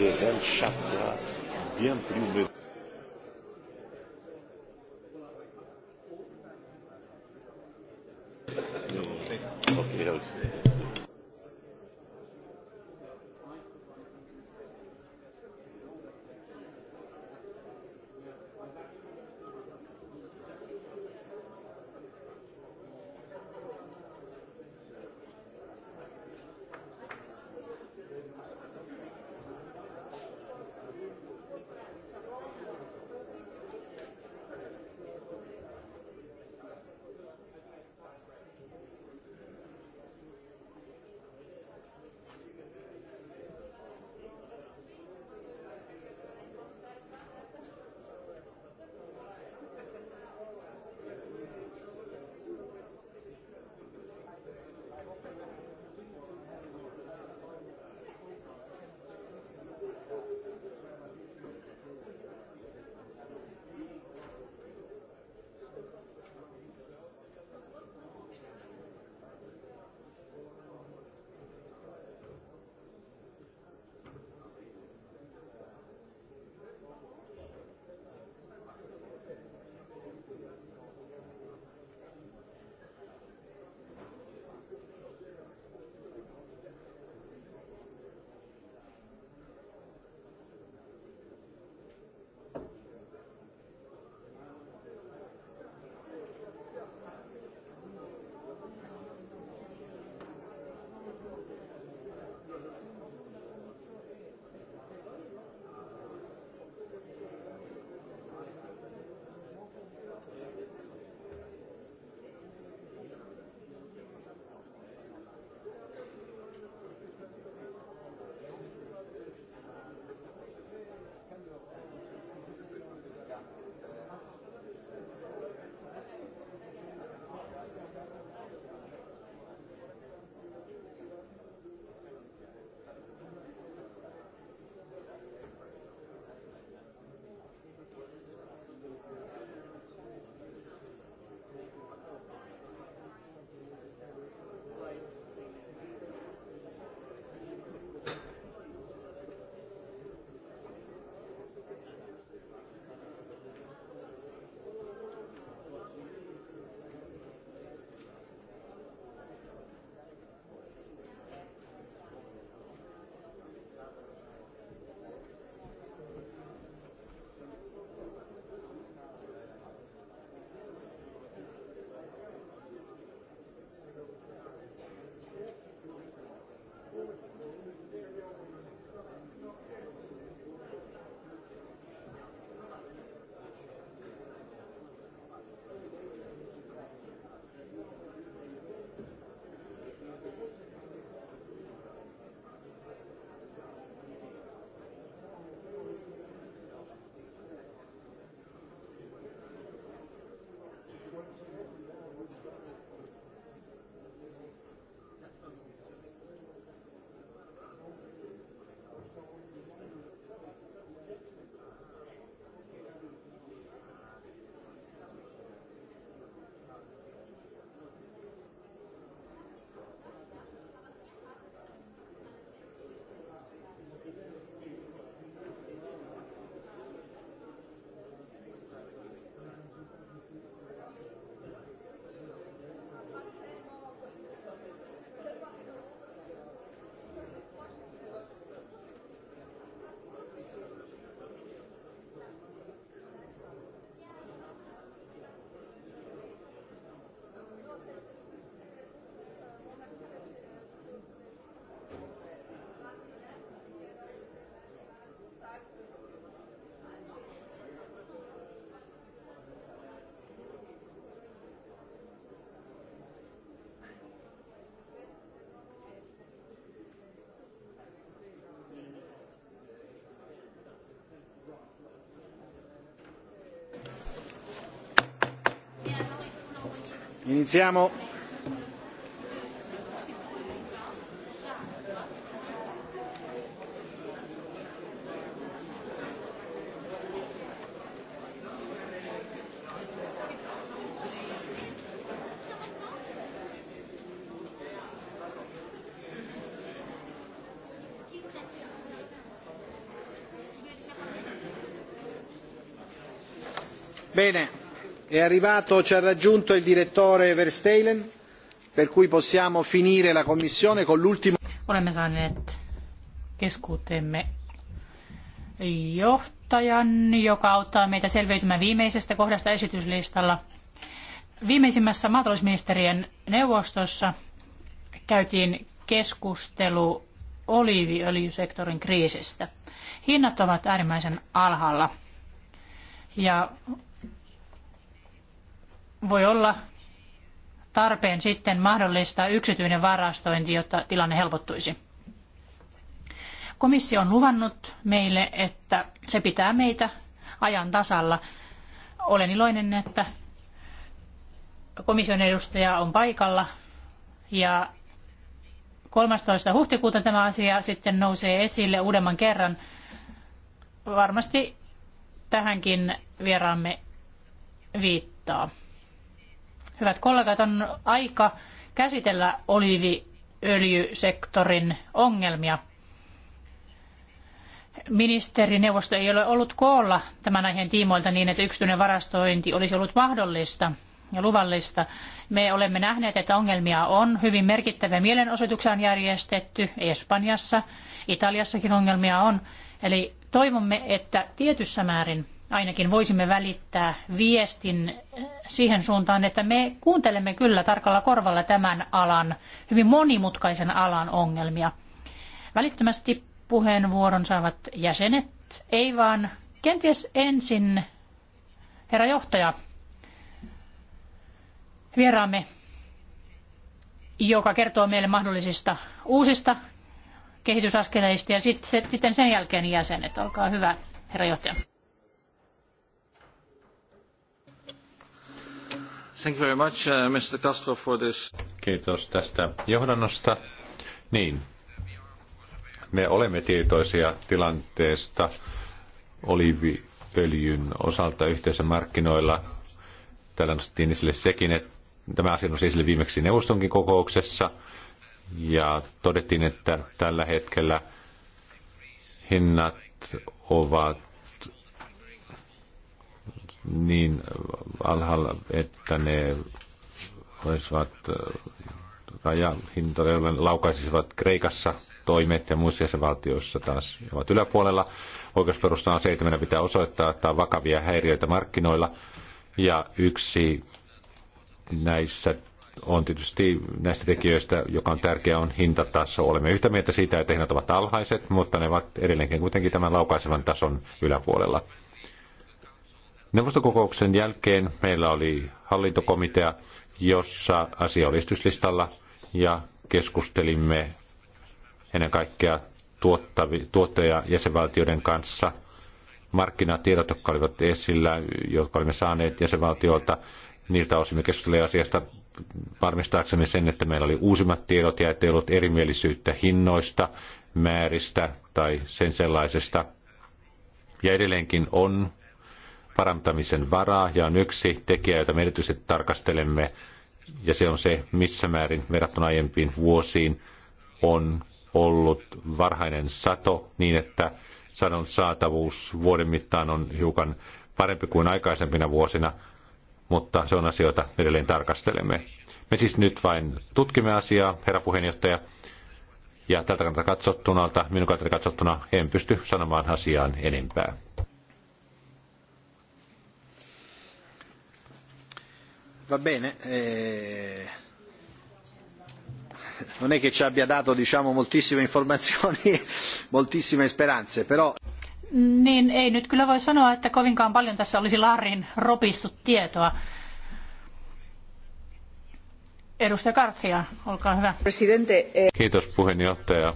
des réelles bien plus mesurées. Iniziamo. Bene. È arrivato, ci ha raggiunto il direttore Verstelen, per cui possiamo finire la commissione con l'ultimo... Olemme saaneet keskuuteemme johtajan, joka auttaa meitä selviytymään viimeisestä kohdasta esityslistalla. Viimeisimmässä maatalousministerien neuvostossa käytiin keskustelu oliiviöljysektorin kriisistä. Hinnat ovat äärimmäisen alhaalla ja voi olla tarpeen sitten mahdollistaa yksityinen varastointi, jotta tilanne helpottuisi. Komissio on luvannut meille, että se pitää meitä ajan tasalla. Olen iloinen, että komission edustaja on paikalla ja 13. huhtikuuta tämä asia sitten nousee esille uudemman kerran. Varmasti tähänkin vieraamme viittaa. Hyvät kollegat, on aika käsitellä oliiviöljysektorin ongelmia. Ministerineuvosto ei ole ollut koolla tämän aiheen tiimoilta niin, että yksityinen varastointi olisi ollut mahdollista ja luvallista. Me olemme nähneet, että ongelmia on. Hyvin merkittäviä mielenosoituksia on järjestetty Espanjassa, Italiassakin ongelmia on. Eli toivomme, että tietyssä määrin ainakin voisimme välittää viestin siihen suuntaan, että me kuuntelemme kyllä tarkalla korvalla tämän alan, hyvin monimutkaisen alan ongelmia. Välittömästi puheenvuoron saavat jäsenet, ei vaan kenties ensin herra johtaja, vieraamme, joka kertoo meille mahdollisista uusista kehitysaskeleista ja sitten sen jälkeen jäsenet. Olkaa hyvä, herra johtaja. Thank you very much, uh, Mr. Castro, for this. Kiitos tästä johdannosta. Niin, me olemme tietoisia tilanteesta oliviöljyn osalta yhteisön markkinoilla. Täällä nostettiin esille sekin, että tämä asia nousi esille viimeksi neuvostonkin kokouksessa. Ja todettiin, että tällä hetkellä hinnat ovat niin alhaalla, että ne olisivat äh, rajahintoja, joilla laukaisisivat Kreikassa toimet ja muissa jäsenvaltioissa taas ovat yläpuolella. Oikeusperusta on se, meidän pitää osoittaa, että on vakavia häiriöitä markkinoilla. Ja yksi näissä on tietysti näistä tekijöistä, joka on tärkeä, on hintataso. Olemme yhtä mieltä siitä, että hinnat ovat alhaiset, mutta ne ovat edelleenkin kuitenkin tämän laukaisevan tason yläpuolella. Neuvostokokouksen jälkeen meillä oli hallintokomitea, jossa asia oli istuslistalla ja keskustelimme ennen kaikkea tuottavi, tuottaja jäsenvaltioiden kanssa markkinatiedot, jotka olivat esillä, jotka olimme saaneet jäsenvaltioilta. Niiltä osin me keskustelimme asiasta varmistaaksemme sen, että meillä oli uusimmat tiedot ja ettei ollut erimielisyyttä hinnoista, määristä tai sen sellaisesta. Ja edelleenkin on parantamisen varaa ja on yksi tekijä, jota me erityisesti tarkastelemme, ja se on se, missä määrin verrattuna aiempiin vuosiin on ollut varhainen sato niin, että sadon saatavuus vuoden mittaan on hiukan parempi kuin aikaisempina vuosina, mutta se on asioita edelleen tarkastelemme. Me siis nyt vain tutkimme asiaa, herra puheenjohtaja, ja tältä kannalta katsottuna, minun kannalta katsottuna, en pysty sanomaan asiaan enempää. Va bene. Eh... Non è che ci abbia dato diciamo, moltissime informazioni, moltissime speranze, però... Niin, ei nyt kyllä voi sanoa, että kovinkaan paljon tässä olisi Larin ropistu tietoa. Edustaja Garcia, olkaa hyvä. Eh- Kiitos puheenjohtaja.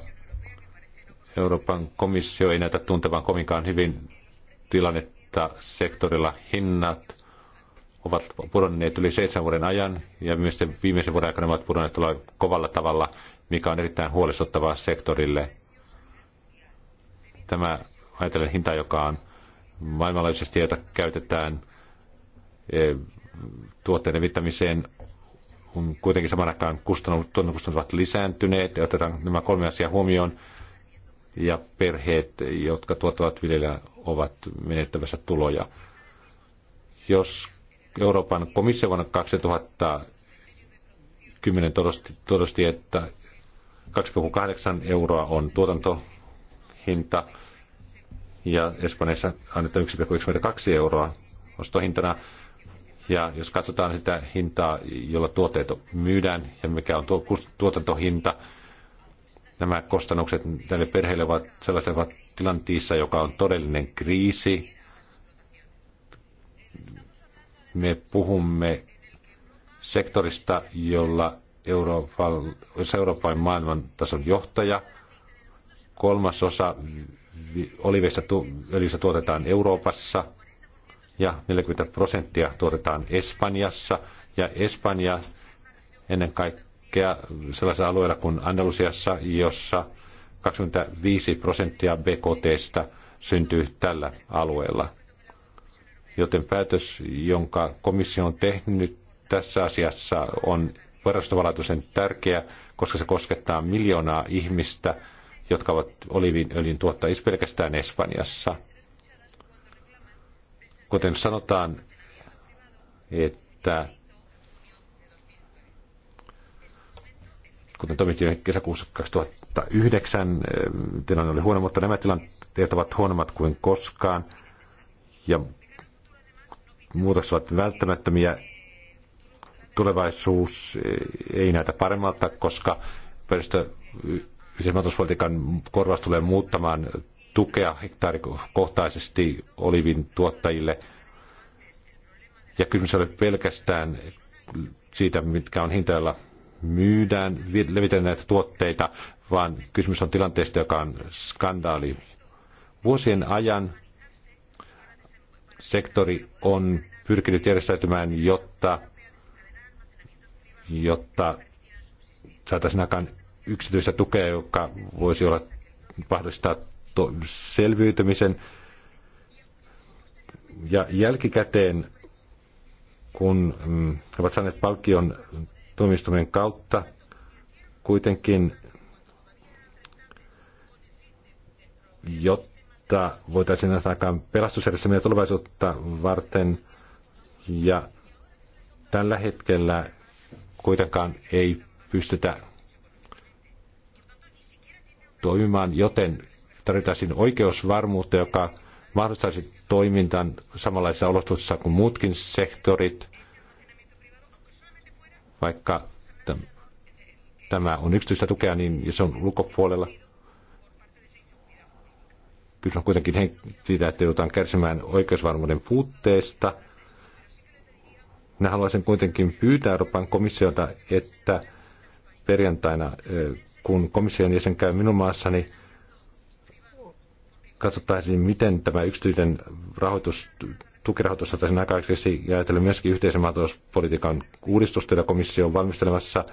Euroopan komissio ei näytä tuntevan kovinkaan hyvin tilannetta sektorilla hinnat ovat pudonneet yli seitsemän vuoden ajan ja myös viimeisen vuoden aikana ovat pudonneet kovalla tavalla, mikä on erittäin huolestuttavaa sektorille. Tämä ajatellen hinta, joka on maailmanlaajuisesti, jota käytetään e, tuotteiden vittämiseen, kun kuitenkin saman aikaan kustannukset ovat lisääntyneet, ja otetaan nämä kolme asiaa huomioon, ja perheet, jotka tuottavat viljelijä, ovat menettävässä tuloja. Jos Euroopan komissio vuonna 2010 todosti, todosti että 2,8 euroa on tuotantohinta ja Espanjassa annetaan 1,92 euroa ostohintana. Ja jos katsotaan sitä hintaa, jolla tuotteet myydään ja mikä on tuo tuotantohinta, nämä kustannukset tälle perheelle ovat sellaisia tilanteessa, joka on todellinen kriisi, me puhumme sektorista, jolla Euroopan maailman tason johtaja. Kolmas osa oliveista öljystä tuotetaan Euroopassa ja 40 prosenttia tuotetaan Espanjassa. Ja Espanja ennen kaikkea sellaisella alueella kuin Andalusiassa, jossa 25 prosenttia BKTstä syntyy tällä alueella joten päätös, jonka komissio on tehnyt tässä asiassa, on varastovalaitosen tärkeä, koska se koskettaa miljoonaa ihmistä, jotka ovat oliiviöljyn tuottajissa pelkästään Espanjassa. Kuten sanotaan, että kuten toimittiin kesäkuussa 2009, eh, tilanne oli huono, mutta nämä tilanteet ovat huonommat kuin koskaan. Ja muutokset ovat välttämättömiä. Tulevaisuus eh, ei näytä paremmalta, koska ympäristö- maatalouspolitiikan korvaus tulee muuttamaan tukea hektaarikohtaisesti olivin tuottajille. Ja kysymys ei ole pelkästään siitä, mitkä on hintoilla myydään, levitellään näitä tuotteita, vaan kysymys on tilanteesta, joka on skandaali. Vuosien ajan sektori on pyrkinyt järjestäytymään, jotta, jotta saataisiin aikaan yksityistä tukea, joka voisi olla mahdollistaa to- selviytymisen. Ja jälkikäteen, kun mm, he ovat saaneet palkion tuomistumien kautta, kuitenkin, jotta jotta voitaisiin ainakaan pelastusjärjestelmiä tulevaisuutta varten. Ja tällä hetkellä kuitenkaan ei pystytä toimimaan, joten tarvitaan oikeusvarmuutta, joka mahdollistaisi toimintan samanlaisissa olosuhteissa kuin muutkin sektorit, vaikka tämä on yksityistä tukea, niin se on ulkopuolella Kyse on kuitenkin siitä, että joudutaan kärsimään oikeusvarmuuden puutteesta. Minä haluaisin kuitenkin pyytää Euroopan komissiota, että perjantaina, kun komission jäsen käy minun maassani, katsottaisiin, miten tämä yksityinen rahoitus, tukirahoitus saataisiin aikaiseksi ja ajatellen myöskin yhteisen maatalouspolitiikan uudistusta, jota komissio on valmistelemassa.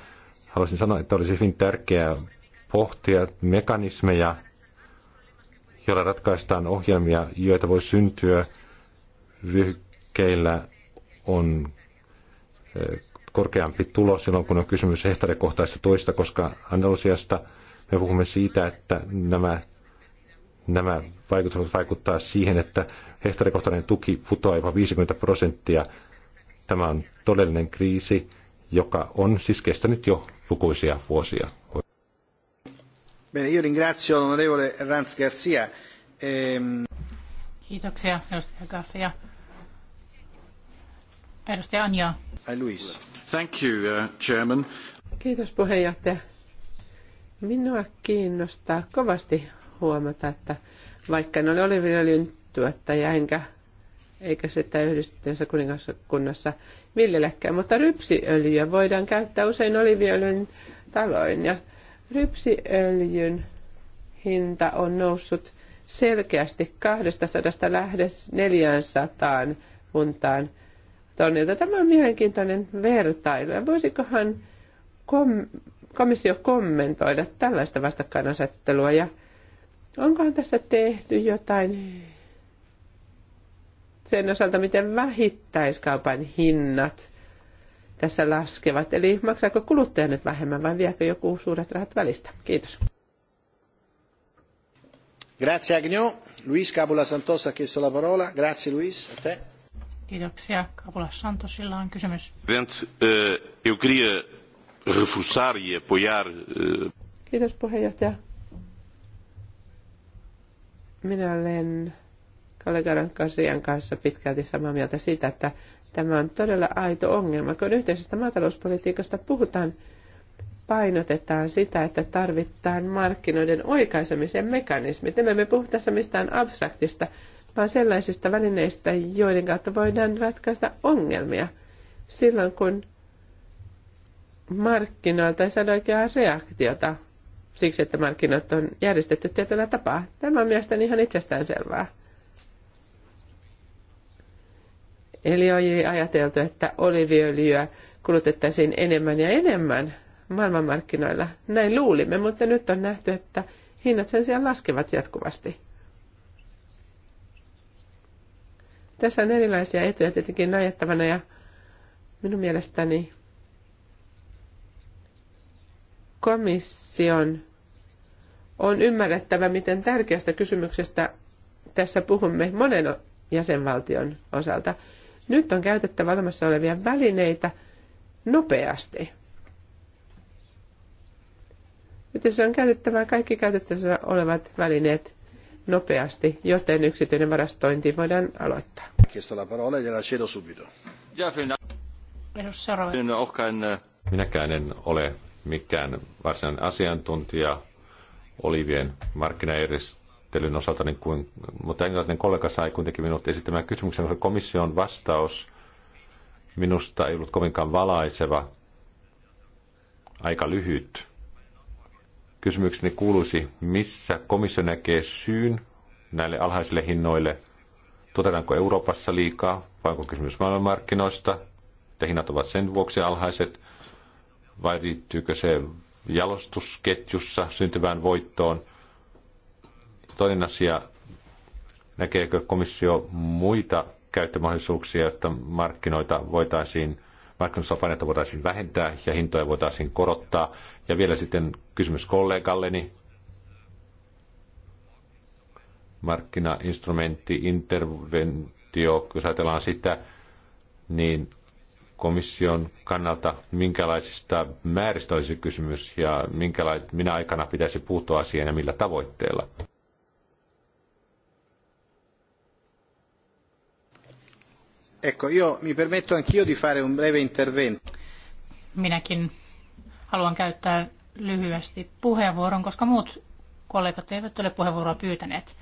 Haluaisin sanoa, että olisi hyvin tärkeää pohtia mekanismeja, jolla ratkaistaan ohjelmia, joita voi syntyä vyhkeillä, on korkeampi tulo silloin, kun on kysymys hehtaarikohtaisista tuista, koska Andalusiasta me puhumme siitä, että nämä, nämä vaikutukset vaikuttaa siihen, että hehtaarikohtainen tuki putoaa jopa 50 prosenttia. Tämä on todellinen kriisi, joka on siis kestänyt jo lukuisia vuosia. Bene, io ringrazio l'onorevole Rans Garcia. Ehm... Kiitoksia, edustaja Garcia. Edustaja Anja. Ai Luis. Thank you, uh, chairman. Kiitos puheenjohtaja. Minua kiinnostaa kovasti huomata, että vaikka en ole oliviöljyn tuottaja enkä eikä sitä yhdistyneessä kuningaskunnassa viljelläkään, mutta rypsiöljyä voidaan käyttää usein oliviöljyn taloin ja Rypsiöljyn hinta on noussut selkeästi 200 lähes 400 puntaan tonnilta. Tämä on mielenkiintoinen vertailu. Ja voisikohan kom- komissio kommentoida tällaista vastakkainasettelua ja onkohan tässä tehty jotain sen osalta, miten vähittäiskaupan hinnat tässä laskevat. Eli maksaako kuluttaja nyt vähemmän vai viekö joku suuret rahat välistä? Kiitos. Grazie Agnew. Luis Cabula Santos ha chiesto la parola. Grazie Luis, a te. Kiitoksia. Cabula Santosilla on kysymys. Presidente, eh, eu queria reforçar e apoiar... Eh, Kiitos puheenjohtaja. Minä olen kollega Rankasian kanssa pitkälti samaa mieltä siitä, että Tämä on todella aito ongelma. Kun yhteisestä maatalouspolitiikasta puhutaan, painotetaan sitä, että tarvitaan markkinoiden oikaisemisen mekanismit. Emme me puhu tässä mistään abstraktista, vaan sellaisista välineistä, joiden kautta voidaan ratkaista ongelmia silloin, kun markkinoilta ei saada oikeaa reaktiota siksi, että markkinat on järjestetty tietyllä tapaa. Tämä on mielestäni ihan itsestäänselvää. Eli oli ajateltu, että oliviöljyä kulutettaisiin enemmän ja enemmän maailmanmarkkinoilla. Näin luulimme, mutta nyt on nähty, että hinnat sen sijaan laskevat jatkuvasti. Tässä on erilaisia etuja tietenkin ajattavana ja minun mielestäni komission on ymmärrettävä, miten tärkeästä kysymyksestä tässä puhumme monen jäsenvaltion osalta. Nyt on käytettävä olemassa olevia välineitä nopeasti. Nyt se on käytettävä kaikki käytettävissä olevat välineet nopeasti, joten yksityinen varastointi voidaan aloittaa. Minäkään en ole mikään varsinainen asiantuntija olivien markkinajärjestelmä menettelyn osalta, niin kuin, mutta englantilainen kollega sai kuitenkin minut esittämään kysymyksen, koska komission vastaus minusta ei ollut kovinkaan valaiseva, aika lyhyt. Kysymykseni kuuluisi, missä komissio näkee syyn näille alhaisille hinnoille? Tuotetaanko Euroopassa liikaa vai onko kysymys maailmanmarkkinoista, että hinnat ovat sen vuoksi alhaiset, vai liittyykö se jalostusketjussa syntyvään voittoon? Toinen asia, näkeekö komissio muita käyttömahdollisuuksia, että markkinoita voitaisiin, markkinoissa voitaisiin vähentää ja hintoja voitaisiin korottaa. Ja vielä sitten kysymys kollegalleni. Markkinainstrumentti, interventio, jos ajatellaan sitä, niin komission kannalta, minkälaisista määristä olisi kysymys ja minä aikana pitäisi puuttua asiaan ja millä tavoitteella? mi permetto anch'io di fare un breve intervento. Minäkin haluan käyttää lyhyesti puheenvuoron, koska muut kollegat eivät ole puheenvuoroa pyytäneet.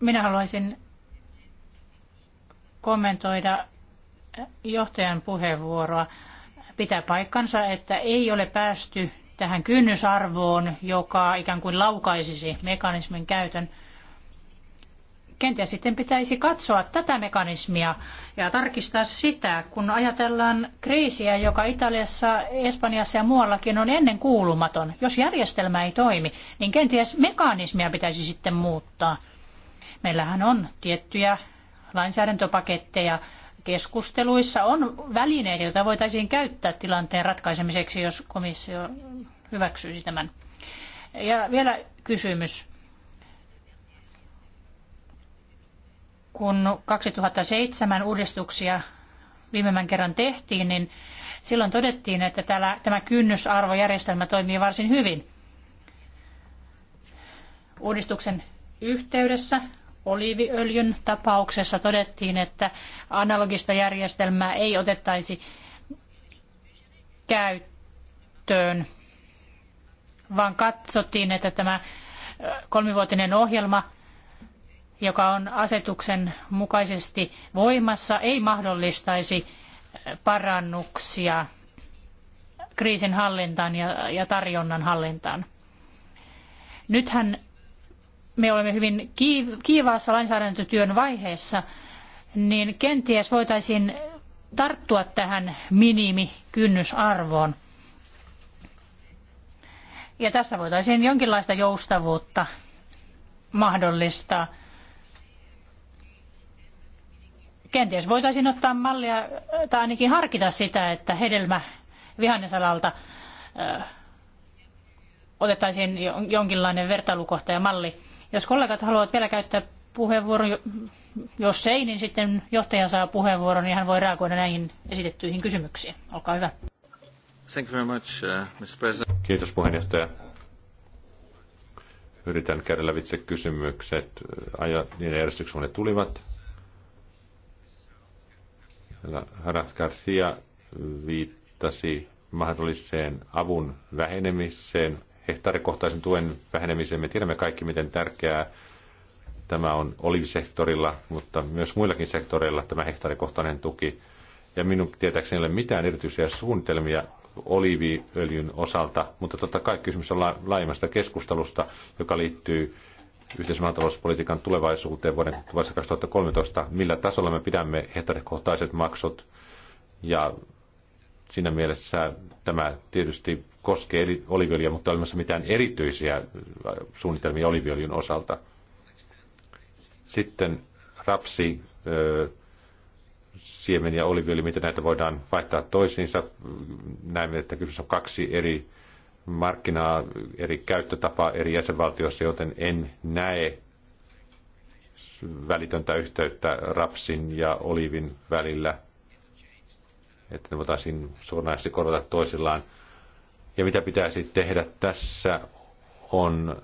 Minä haluaisin kommentoida johtajan puheenvuoroa. Pitää paikkansa, että ei ole päästy tähän kynnysarvoon, joka ikään kuin laukaisisi mekanismin käytön. Kenties sitten pitäisi katsoa tätä mekanismia ja tarkistaa sitä, kun ajatellaan kriisiä, joka Italiassa, Espanjassa ja muuallakin on ennen kuulumaton. Jos järjestelmä ei toimi, niin kenties mekanismia pitäisi sitten muuttaa. Meillähän on tiettyjä lainsäädäntöpaketteja, keskusteluissa on välineitä, joita voitaisiin käyttää tilanteen ratkaisemiseksi, jos komissio hyväksyisi tämän. Ja vielä kysymys. kun 2007 uudistuksia viimeisen kerran tehtiin, niin silloin todettiin, että täällä, tämä kynnysarvojärjestelmä toimii varsin hyvin. Uudistuksen yhteydessä oliiviöljyn tapauksessa todettiin, että analogista järjestelmää ei otettaisi käyttöön, vaan katsottiin, että tämä kolmivuotinen ohjelma joka on asetuksen mukaisesti voimassa, ei mahdollistaisi parannuksia kriisin hallintaan ja, ja tarjonnan hallintaan. Nythän me olemme hyvin kiivaassa lainsäädäntötyön vaiheessa, niin kenties voitaisiin tarttua tähän minimikynnysarvoon. Ja tässä voitaisiin jonkinlaista joustavuutta mahdollistaa – Kenties voitaisiin ottaa mallia tai ainakin harkita sitä, että hedelmä vihannesalalta otettaisiin jonkinlainen vertailukohta ja malli. Jos kollegat haluavat vielä käyttää puheenvuoron, jos ei, niin sitten johtaja saa puheenvuoron niin hän voi reagoida näihin esitettyihin kysymyksiin. Olkaa hyvä. Thank you very much, uh, Mr. President. Kiitos puheenjohtaja. Yritän käydä lävitse kysymykset ja niiden järjestyksessä ne tulivat. Haras Garcia viittasi mahdolliseen avun vähenemiseen, hehtaarikohtaisen tuen vähenemiseen. Me tiedämme kaikki, miten tärkeää tämä on olivisektorilla, mutta myös muillakin sektoreilla tämä hehtaarikohtainen tuki. Ja minun tietääkseni ei ole mitään erityisiä suunnitelmia oliiviöljyn osalta, mutta totta kai kysymys on laajemmasta keskustelusta, joka liittyy yhteismaatalouspolitiikan tulevaisuuteen vuoden 2013, millä tasolla me pidämme hehtaarikohtaiset maksut. Ja siinä mielessä tämä tietysti koskee oliviöljyä, mutta ei olemassa mitään erityisiä suunnitelmia oliviöljyn osalta. Sitten rapsi, siemen ja oliviöljy, miten näitä voidaan vaihtaa toisiinsa. Näemme, että kyseessä on kaksi eri markkinaa, eri käyttötapaa eri jäsenvaltioissa, joten en näe välitöntä yhteyttä rapsin ja olivin välillä, että ne voitaisiin suoranaisesti korvata toisillaan. Ja mitä pitäisi tehdä tässä on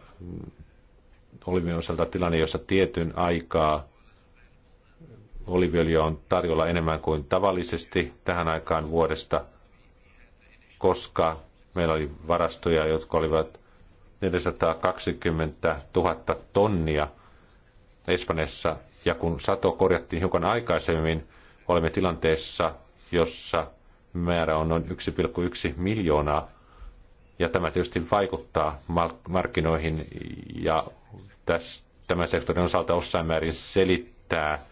olivin osalta tilanne, jossa tietyn aikaa oliviöljyä on tarjolla enemmän kuin tavallisesti tähän aikaan vuodesta, koska Meillä oli varastoja, jotka olivat 420 000 tonnia Espanjassa. Ja kun sato korjattiin hiukan aikaisemmin, olemme tilanteessa, jossa määrä on noin 1,1 miljoonaa. Ja tämä tietysti vaikuttaa markkinoihin ja tämän sektorin osalta osain määrin selittää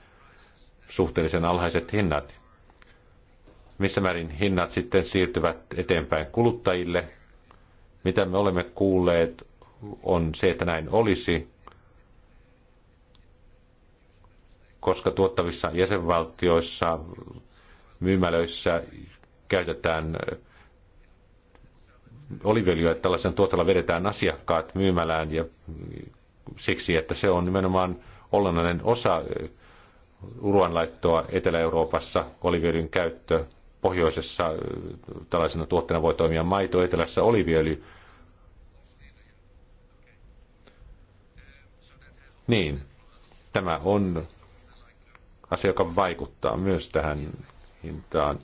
suhteellisen alhaiset hinnat missä määrin hinnat sitten siirtyvät eteenpäin kuluttajille. Mitä me olemme kuulleet on se, että näin olisi, koska tuottavissa jäsenvaltioissa myymälöissä käytetään oliviöljyä, että tällaisen tuotella vedetään asiakkaat myymälään ja siksi, että se on nimenomaan olennainen osa ruoanlaittoa Etelä-Euroopassa, oliviöljyn käyttö pohjoisessa äh, tällaisena tuotteena voi toimia maito, etelässä oliviöljy. Niin, tämä on asia, joka vaikuttaa myös tähän hintaan.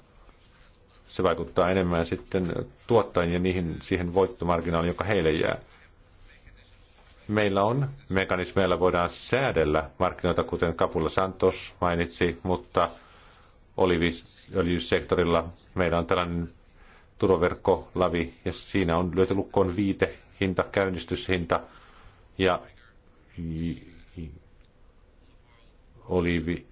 Se vaikuttaa enemmän sitten tuottajien ja niihin, siihen voittomarginaaliin, joka heille jää. Meillä on mekanismeilla voidaan säädellä markkinoita, kuten Kapula Santos mainitsi, mutta – oliivisektorilla. Meillä on tällainen turoverkko, lavi, ja siinä on lyöty lukkoon viite, hinta, käynnistyshinta, ja oliivi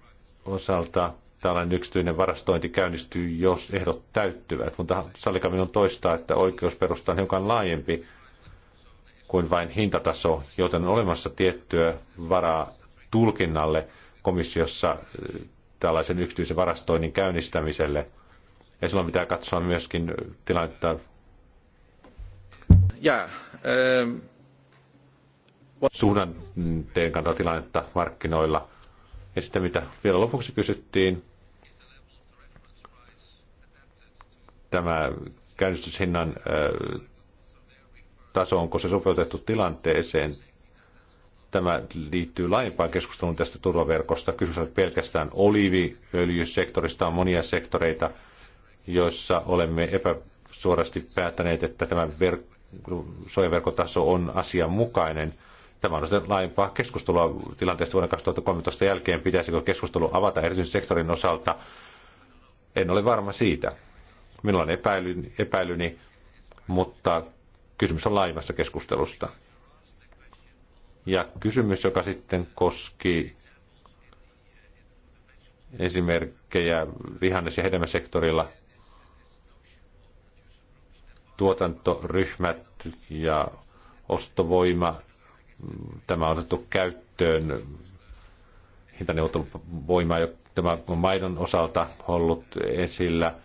osalta tällainen yksityinen varastointi käynnistyy, jos ehdot täyttyvät. Mutta sallika minun toistaa, että oikeusperusta on hiukan laajempi kuin vain hintataso, joten on olemassa tiettyä varaa tulkinnalle komissiossa tällaisen yksityisen varastoinnin käynnistämiselle. Ja silloin pitää katsoa myöskin tilannetta. Yeah, um... Suhdanteen kannalta tilannetta markkinoilla. Ja sitten mitä vielä lopuksi kysyttiin, tämä käynnistyshinnan äh, taso, onko se sopeutettu tilanteeseen tämä liittyy laajempaan keskusteluun tästä turvaverkosta. Kysymys on pelkästään oliiviöljysektorista, on monia sektoreita, joissa olemme epäsuorasti päättäneet, että tämä ver- suojaverkotaso on asianmukainen. Tämä on sitten laajempaa keskustelua tilanteesta vuoden 2013 jälkeen. Pitäisikö keskustelu avata erityisen sektorin osalta? En ole varma siitä. Minulla on epäilyni, epäilyni mutta kysymys on laajemmasta keskustelusta. Ja kysymys, joka sitten koski esimerkkejä vihannes- ja hedelmäsektorilla, tuotantoryhmät ja ostovoima, tämä on otettu käyttöön, hintaneuvotteluvoima, tämä on maidon osalta ollut esillä.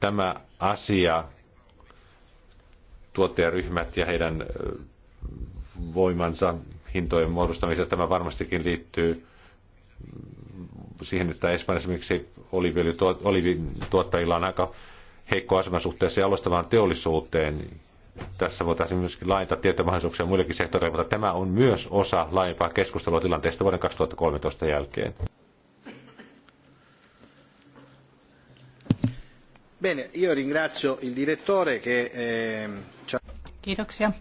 Tämä asia, tuottajaryhmät ja heidän voimansa hintojen muodostamiseen. Tämä varmastikin liittyy siihen, että Espanjassa esimerkiksi olivin tuottajilla on aika heikko asema suhteessa jalostavaan teollisuuteen. Tässä voitaisiin myöskin laajentaa tiettyjä mahdollisuuksia muillekin sektoreille, mutta tämä on myös osa laajempaa keskustelua tilanteesta vuoden 2013 jälkeen. Bene, io ringrazio il direttore che... Eh... Kiitoksia.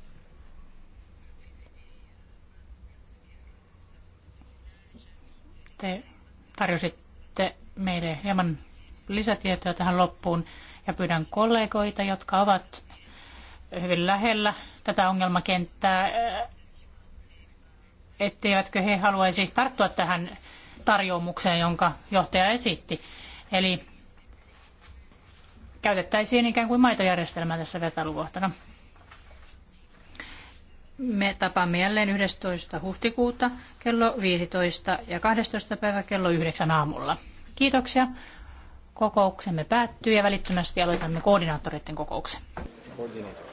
Te tarjositte meille hieman lisätietoja tähän loppuun ja pyydän kollegoita, jotka ovat hyvin lähellä tätä ongelmakenttää, eh, etteivätkö he haluaisi tarttua tähän tarjoumukseen, jonka johtaja esitti. Eli käytettäisiin ikään kuin maitojärjestelmää tässä vertailukohtana. Me tapaamme jälleen 11. huhtikuuta kello 15 ja 12. päivä kello 9 aamulla. Kiitoksia. Kokouksemme päättyy ja välittömästi aloitamme koordinaattoreiden kokouksen. Koordinaattori.